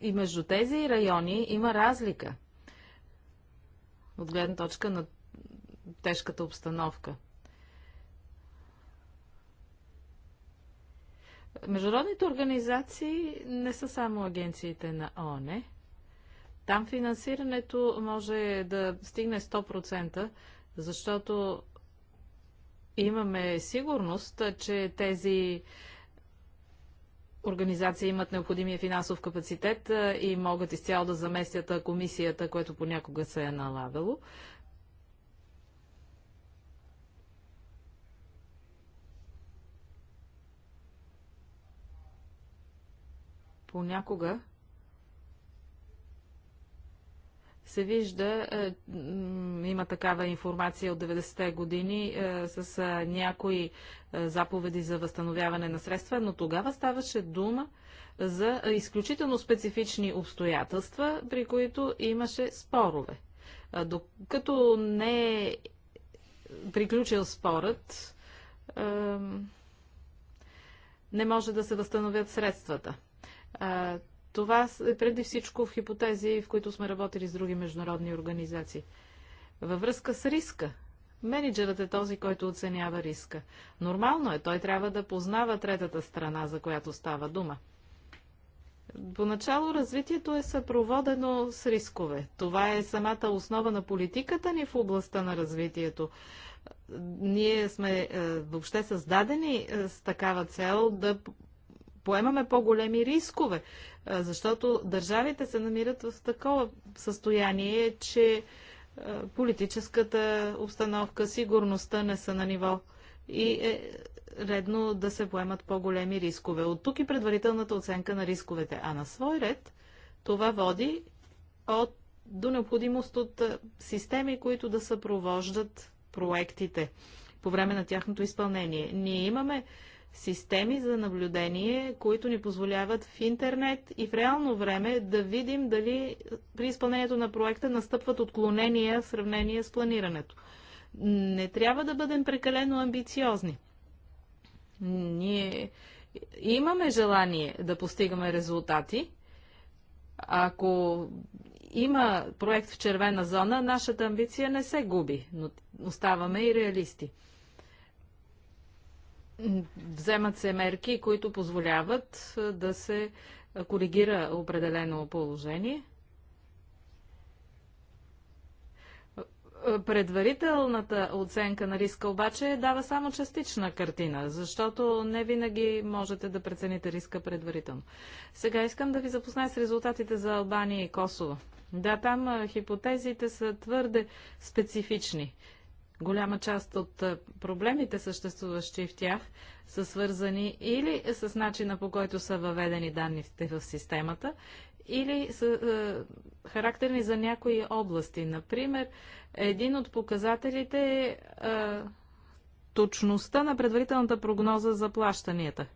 S3: и между тези райони има разлика от гледна точка на тежката обстановка. Международните организации не са само агенциите на ОНЕ. Там финансирането може да стигне 100%, защото имаме сигурност, че тези организации имат необходимия финансов капацитет и могат изцяло да заместят комисията, което понякога се е налагало. Понякога се вижда, е, има такава информация от 90-те години е, с е, някои заповеди за възстановяване на средства, но тогава ставаше дума за изключително специфични обстоятелства, при които имаше спорове. Докато не е приключил спорът, не може да се възстановят средствата. Това е преди всичко в хипотези, в които сме работили с други международни организации. Във връзка с риска, менеджерът е този, който оценява риска. Нормално е, той трябва да познава третата страна, за която става дума. Поначало развитието е съпроводено с рискове. Това е самата основа на политиката ни в областта на развитието. Ние сме е, въобще създадени е, с такава цел да поемаме по-големи рискове, защото държавите се намират в такова състояние, че политическата обстановка, сигурността не са на ниво и е редно да се поемат по-големи рискове. От тук и предварителната оценка на рисковете. А на свой ред това води от, до необходимост от системи, които да съпровождат проектите по време на тяхното изпълнение. Ние имаме системи за наблюдение, които ни позволяват в интернет и в реално време да видим дали при изпълнението на проекта настъпват отклонения в сравнение с планирането. Не трябва да бъдем прекалено амбициозни. Ние имаме желание да постигаме резултати. Ако има проект в червена зона, нашата амбиция не се губи, но оставаме и реалисти вземат се мерки, които позволяват да се коригира определено положение. Предварителната оценка на риска обаче дава само частична картина, защото не винаги можете да прецените риска предварително. Сега искам да ви запозная с резултатите за Албания и Косово. Да, там хипотезите са твърде специфични. Голяма част от е, проблемите, съществуващи в тях, са свързани или с начина по който са въведени данните в системата, или са е, характерни за някои области. Например, един от показателите е, е точността на предварителната прогноза за плащанията.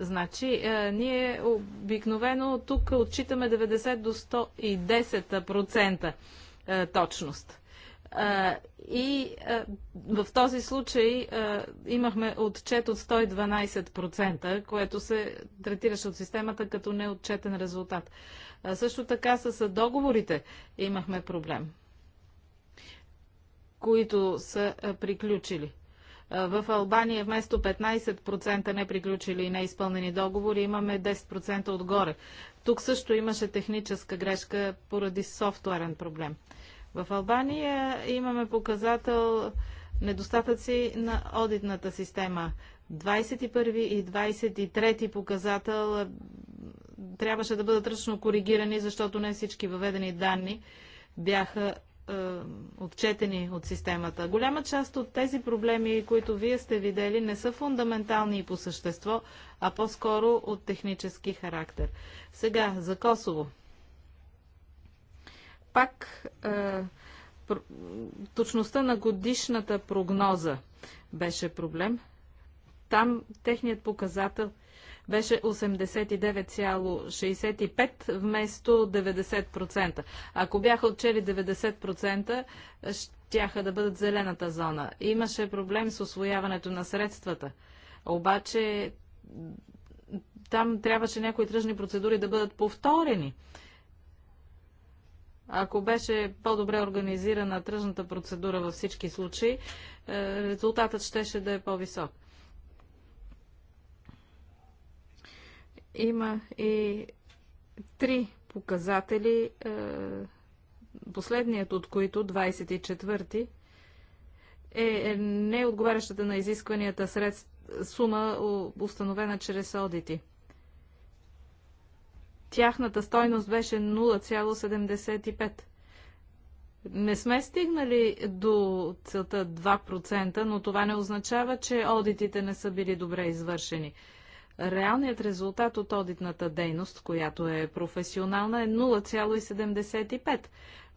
S3: Значи, е, ние обикновено тук отчитаме 90 до 110% е, точност. И в този случай имахме отчет от 112%, което се третираше от системата като неотчетен резултат. Също така с договорите имахме проблем, които са приключили. В Албания вместо 15% неприключили и неизпълнени договори имаме 10% отгоре. Тук също имаше техническа грешка поради софтуерен проблем. В Албания имаме показател недостатъци на одитната система. 21 и 23 показател трябваше да бъдат ръчно коригирани, защото не всички въведени данни бяха е, отчетени от системата. Голяма част от тези проблеми, които вие сте видели, не са фундаментални и по същество, а по-скоро от технически характер. Сега за Косово пак е, точността на годишната прогноза беше проблем. Там техният показател беше 89,65 вместо 90%. Ако бяха отчели 90%, щяха да бъдат зелената зона. Имаше проблем с освояването на средствата. Обаче там трябваше някои тръжни процедури да бъдат повторени. Ако беше по-добре организирана тръжната процедура във всички случаи, е, резултатът щеше да е по-висок. Има и три показатели, е, последният от които, 24-ти, е, е неотговарящата на изискванията средств, сума, установена чрез одити тяхната стойност беше 0,75. Не сме стигнали до целта 2%, но това не означава, че одитите не са били добре извършени. Реалният резултат от одитната дейност, която е професионална, е 0,75.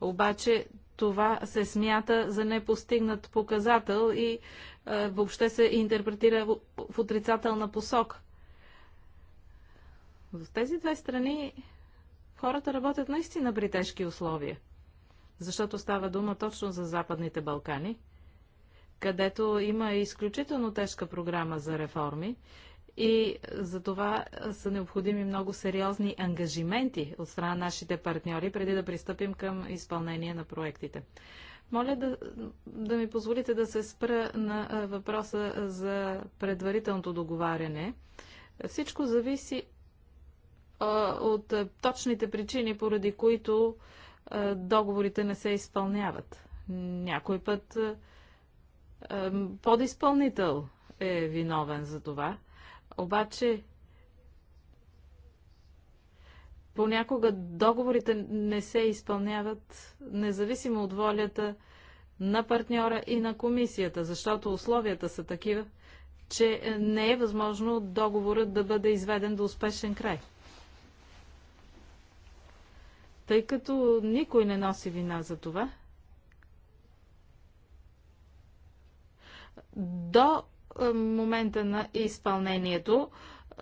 S3: Обаче това се смята за непостигнат показател и е, въобще се интерпретира в, в отрицателна посока. В тези две страни хората работят наистина при тежки условия, защото става дума точно за Западните Балкани, където има изключително тежка програма за реформи и за това са необходими много сериозни ангажименти от страна нашите партньори, преди да пристъпим към изпълнение на проектите. Моля да, да ми позволите да се спра на въпроса за предварителното договаряне. Всичко зависи от точните причини, поради които договорите не се изпълняват. Някой път подизпълнител е виновен за това, обаче понякога договорите не се изпълняват независимо от волята на партньора и на комисията, защото условията са такива, че не е възможно договорът да бъде изведен до успешен край тъй като никой не носи вина за това. До е, момента на изпълнението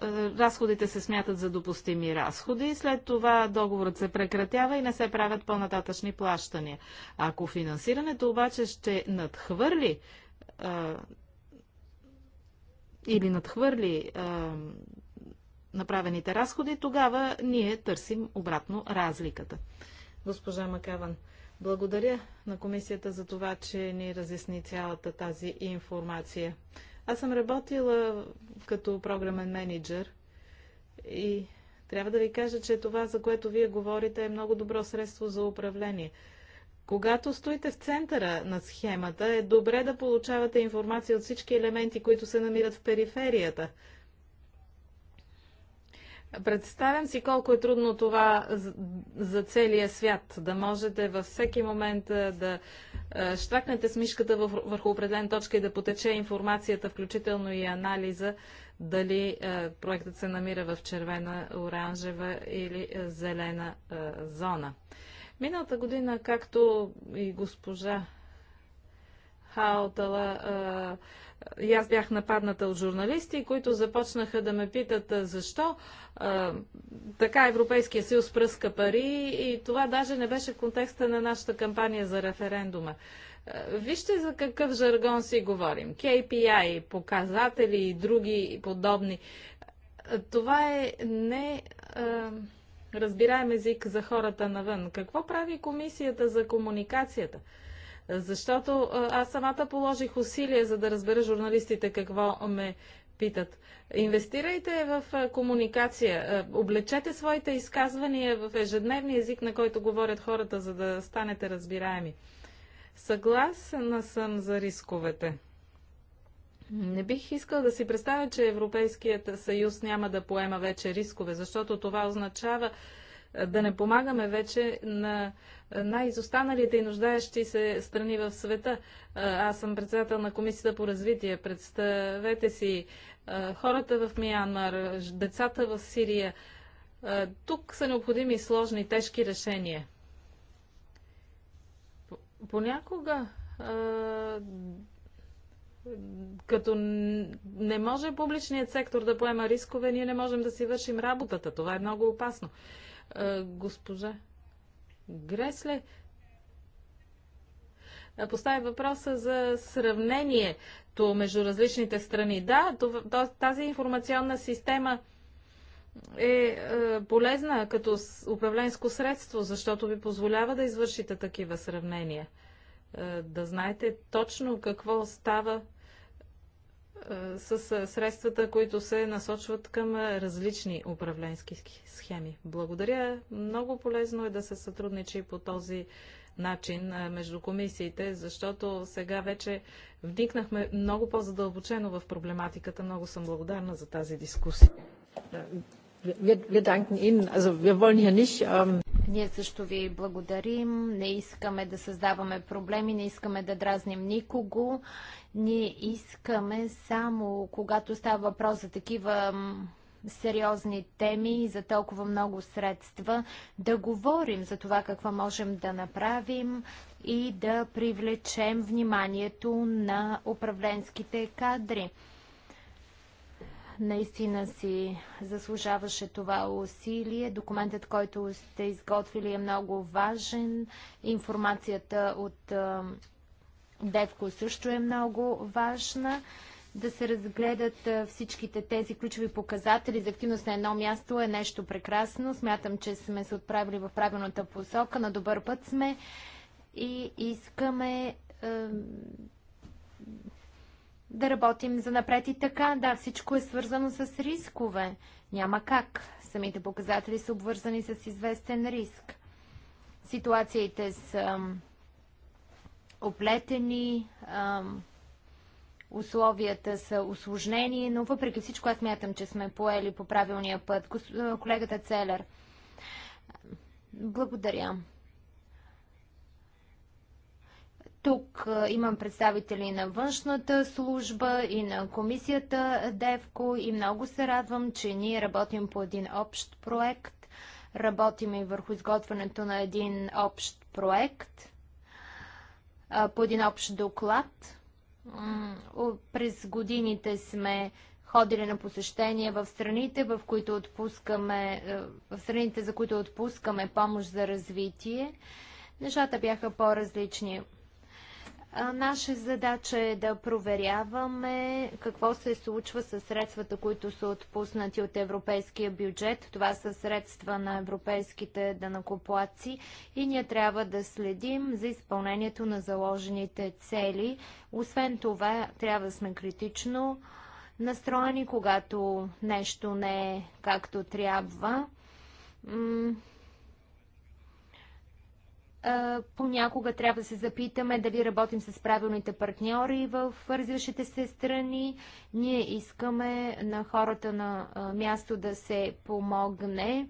S3: е, разходите се смятат за допустими разходи, след това договорът се прекратява и не се правят по-нататъчни плащания. Ако финансирането обаче ще надхвърли е, или надхвърли направените разходи, тогава ние търсим обратно разликата. Госпожа Макаван, благодаря на комисията за това, че ни разясни цялата тази информация. Аз съм работила като програмен менеджер и трябва да ви кажа, че това, за което вие говорите, е много добро средство за управление. Когато стоите в центъра на схемата, е добре да получавате информация от всички елементи, които се намират в периферията – Представям си колко е трудно това за целия свят, да можете във всеки момент да штракнете с мишката върху определен точка и да потече информацията, включително и анализа, дали проектът се намира в червена, оранжева или зелена зона. Миналата година, както и госпожа Хаутала, и аз бях нападната от журналисти, които започнаха да ме питат защо а, така Европейския съюз пръска пари и това даже не беше в контекста на нашата кампания за референдума. Вижте за какъв жаргон си говорим. KPI, показатели и други подобни. Това е не а, разбираем език за хората навън. Какво прави Комисията за комуникацията? Защото аз самата положих усилия, за да разбера журналистите какво ме питат. Инвестирайте в комуникация, облечете своите изказвания в ежедневния език, на който говорят хората, за да станете разбираеми. Съгласна съм за рисковете. Не бих искал да си представя, че Европейският съюз няма да поема вече рискове, защото това означава е, да не помагаме вече на най-изостаналите и нуждаещи се страни в света. Е, аз съм председател на Комисията по развитие. Представете си е, хората в Миянмар, децата в Сирия. Тук са необходими сложни, тежки решения. Понякога като не може публичният сектор да поема рискове, ние не можем да си вършим работата. Това е много опасно. Госпожа Гресле постави въпроса за сравнението между различните страни. Да, тази информационна система е полезна като управленско средство, защото ви позволява да извършите такива сравнения. Да знаете точно какво става с средствата, които се насочват към различни управленски схеми. Благодаря. Много полезно е да се сътрудничи по този начин между комисиите, защото сега вече вникнахме много по-задълбочено в проблематиката. Много съм благодарна за тази дискусия. Wir, wir danken
S1: Ihnen. Also wir
S3: wollen hier nicht ähm,
S1: ние също ви благодарим. Не искаме да създаваме проблеми, не искаме да дразним никого. Ние искаме само, когато става въпрос за такива сериозни теми и за толкова много средства, да говорим за това какво можем да направим и да привлечем вниманието на управленските кадри наистина си заслужаваше това усилие. Документът, който сте изготвили е много важен. Информацията от Девко също е много важна. Да се разгледат всичките тези ключови показатели за активност на едно място е нещо прекрасно. Смятам, че сме се отправили в правилната посока. На добър път сме и искаме да работим за напред и така. Да, всичко е свързано с рискове. Няма как. Самите показатели са обвързани с известен риск. Ситуациите са оплетени, условията са осложнени, но въпреки всичко аз мятам, че сме поели по правилния път. Колегата Целер. Благодаря. Тук имам представители на външната служба и на комисията ДЕВКО и много се радвам, че ние работим по един общ проект. Работим и върху изготвянето на един общ проект, по един общ доклад. През годините сме ходили на посещения в страните, в които отпускаме, е, в страните, за които отпускаме помощ за развитие. Нещата бяха по-различни Наша задача е да проверяваме какво се случва с средствата, които са отпуснати от европейския бюджет. Това са средства на европейските данакоплаци и ние трябва да следим за изпълнението на заложените цели. Освен това, трябва да сме критично настроени, когато нещо не е както трябва понякога трябва да се запитаме дали работим с правилните партньори в развиващите се страни. Ние искаме на хората на място да се помогне.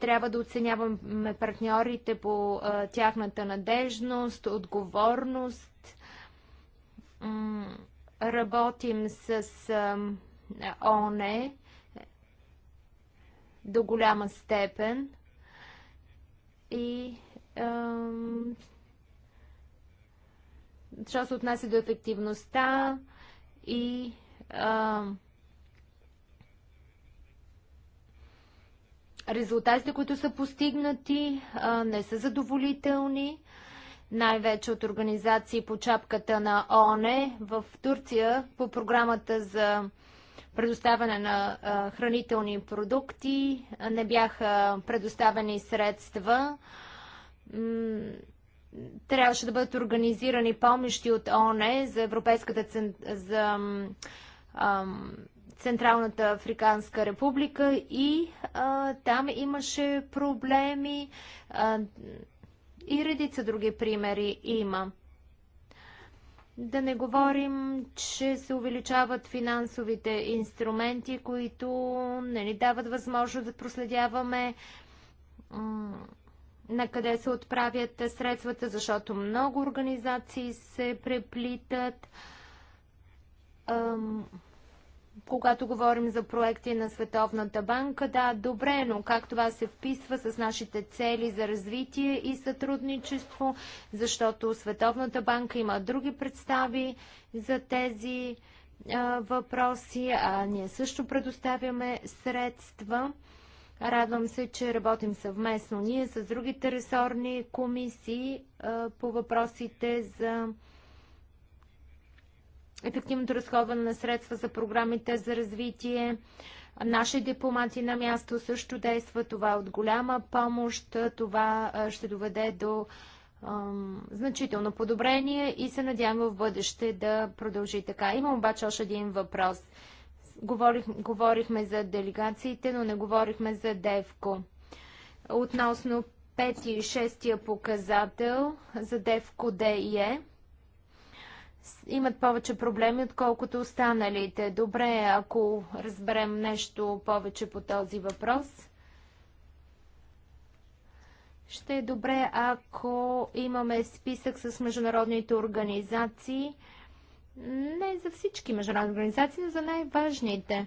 S1: Трябва да оценяваме партньорите по тяхната надежност, отговорност. Работим с ОНЕ до голяма степен и що се отнася до ефективността и а, резултатите, които са постигнати, а, не са задоволителни. Най-вече от организации по чапката на ООН в Турция по програмата за предоставяне на хранителни продукти не бяха предоставени средства трябваше да бъдат организирани помощи от ОНЕ за Европейската цен... за, ам, Централната Африканска република и а, там имаше проблеми а, и редица други примери има. Да не говорим, че се увеличават финансовите инструменти, които не ни дават възможност да проследяваме на къде се отправят средствата, защото много организации се преплитат. Ам, когато говорим за проекти на Световната банка, да, добре, но как това се вписва с нашите цели за развитие и сътрудничество, защото Световната банка има други представи за тези а, въпроси, а ние също предоставяме средства. Радвам се, че работим съвместно ние с другите ресорни комисии по въпросите за ефективното разходване на средства за програмите за развитие. Наши дипломати на място също действа. Това е от голяма помощ. Това ще доведе до значително подобрение и се надявам в бъдеще да продължи така. Имам обаче още един въпрос говорих, говорихме за делегациите, но не говорихме за ДЕВКО. Относно пети и шестия показател за ДЕВКО Д и Е, имат повече проблеми, отколкото останалите. Добре ако разберем нещо повече по този въпрос. Ще е добре, ако имаме списък с международните организации – не за всички международни организации, но за най-важните,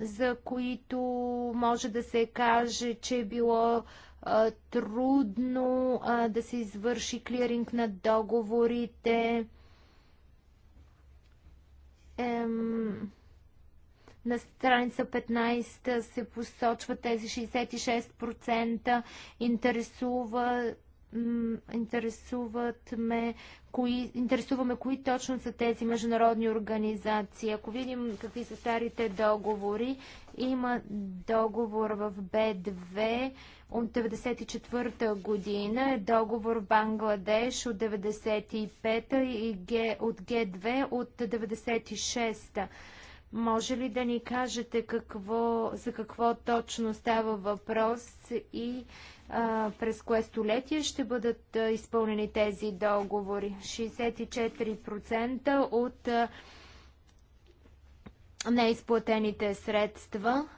S1: за които може да се каже, че е било трудно да се извърши клиринг на договорите. на страница 15 се посочва тези 66%. Интересува интересуват ме, кои, интересуваме кои точно са тези международни организации. Ако видим какви са старите договори, има договор в Б2 от 1994 година, е договор в Бангладеш от 1995 и Г, от Г2 от 96 та може ли да ни кажете какво, за какво точно става въпрос и а, през кое столетие ще бъдат а, изпълнени тези договори? 64% от а, неизплатените средства.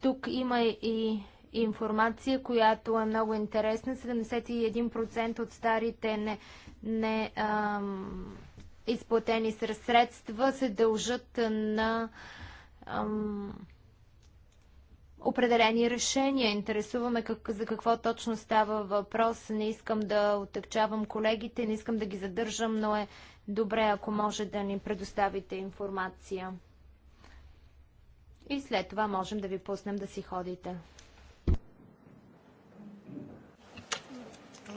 S1: Тук има и информация, която е много интересна. 71% от старите не, не а, изплатени средства се дължат на ам, определени решения. Интересуваме как, за какво точно става въпрос. Не искам да отъкчавам колегите, не искам да ги задържам, но е добре, ако може да ни предоставите информация. И след това можем да ви пуснем да си ходите.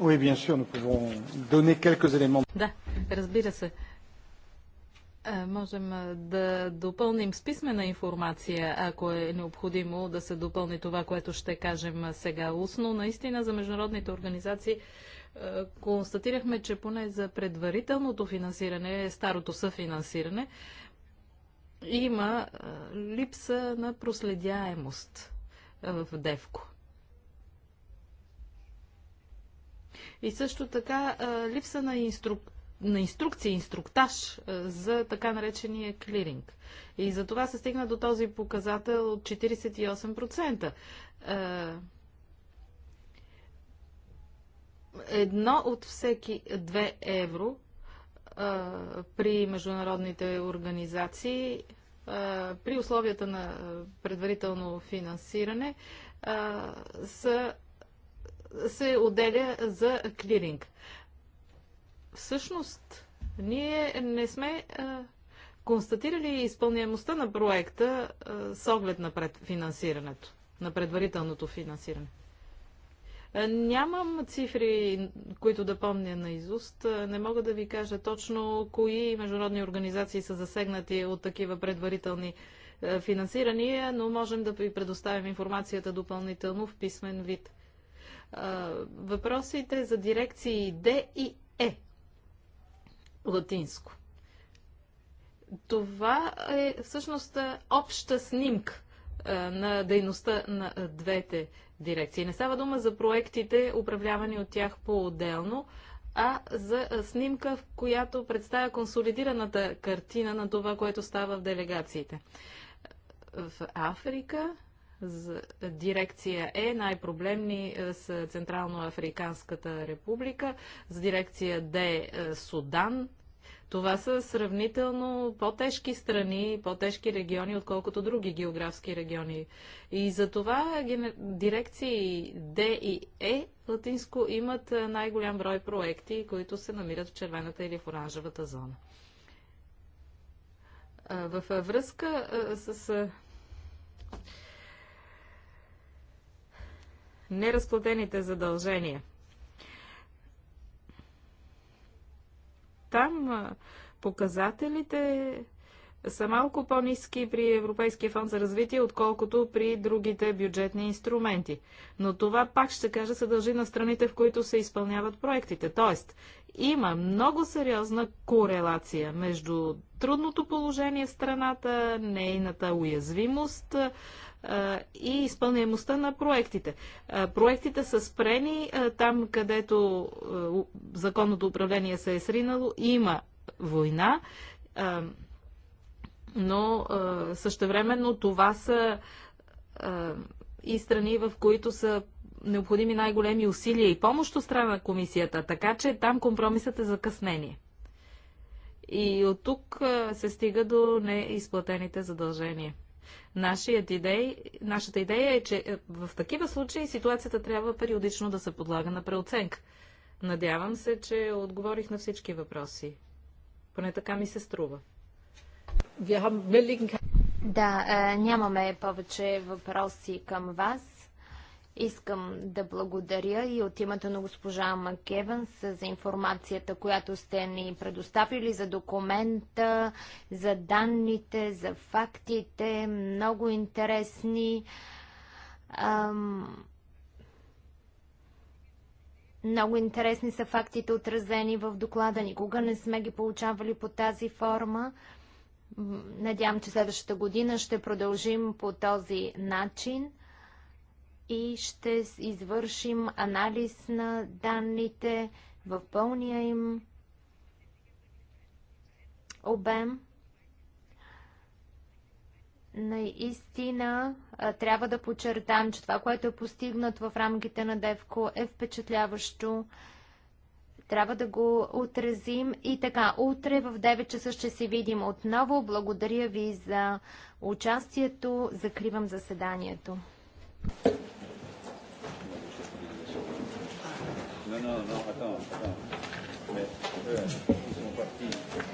S2: Oui, bien sûr, nous pouvons donner quelques éléments. Да,
S3: разбира се. Е, можем е, да допълним с писмена информация, ако е необходимо да се допълни това, което ще кажем е, сега устно. Наистина за международните организации констатирахме, че поне за предварителното финансиране, старото съфинансиране, има липса на проследяемост в Девко. И също така липса на инструкция на инструкция, инструктаж за така наречения клиринг. И за това се стигна до този показател от 48%. Едно от всеки две евро при международните организации, при условията на предварително финансиране, са, се отделя за клиринг всъщност ние не сме а, констатирали изпълняемостта на проекта а, с оглед на предфинансирането, на предварителното финансиране. А, нямам цифри, които да помня на изуст. Не мога да ви кажа точно кои международни организации са засегнати от такива предварителни финансирания, но можем да ви предоставим информацията допълнително в писмен вид. Въпросите за дирекции Д и Е латинско. Това е всъщност обща снимка на дейността на двете дирекции. Не става дума за проектите, управлявани от тях по-отделно, а за снимка, в която представя консолидираната картина на това, което става в делегациите. В Африка е, дирекция Е. Най-проблемни е, с Централно-Африканската република, с дирекция Д е, Судан. Това са сравнително по-тежки страни, по-тежки региони, отколкото други географски региони. И за това дирекции Д и Е латинско имат най-голям брой проекти, които се намират в червената или в оранжевата зона. В връзка с неразплатените задължения. Там показателите са малко по-низки при Европейския фонд за развитие, отколкото при другите бюджетни инструменти. Но това, пак ще кажа, се дължи на страните, в които се изпълняват проектите. Тоест, има много сериозна корелация между трудното положение в страната, нейната уязвимост и изпълняемостта на проектите. проектите са спрени там, където законното управление се е сринало, има война но същевременно това са и страни, в които са необходими най-големи усилия и помощ от страна на комисията, така че там компромисът е закъснение. И от тук се стига до неизплатените задължения. Нашият идей, нашата идея е, че е, в такива случаи ситуацията трябва периодично да се подлага на преоценка. Надявам се, че отговорих на всички въпроси. Поне така ми се струва.
S1: Да, е, нямаме повече въпроси към вас. Искам да благодаря и от името на госпожа Макевенс за информацията, която сте ни предоставили за документа, за данните, за фактите. Много интересни. Ам... Много интересни са фактите отразени в доклада. Никога не сме ги получавали по тази форма. Надявам, че следващата година ще продължим по този начин и ще извършим анализ на данните в пълния им обем. Наистина трябва да подчертаем, че това, което е постигнато в рамките на ДЕВКО е впечатляващо трябва да го отразим. И така, утре в 9 часа ще се видим отново. Благодаря ви за участието. Закривам заседанието.
S2: attends, attends. Mais ils sont partis.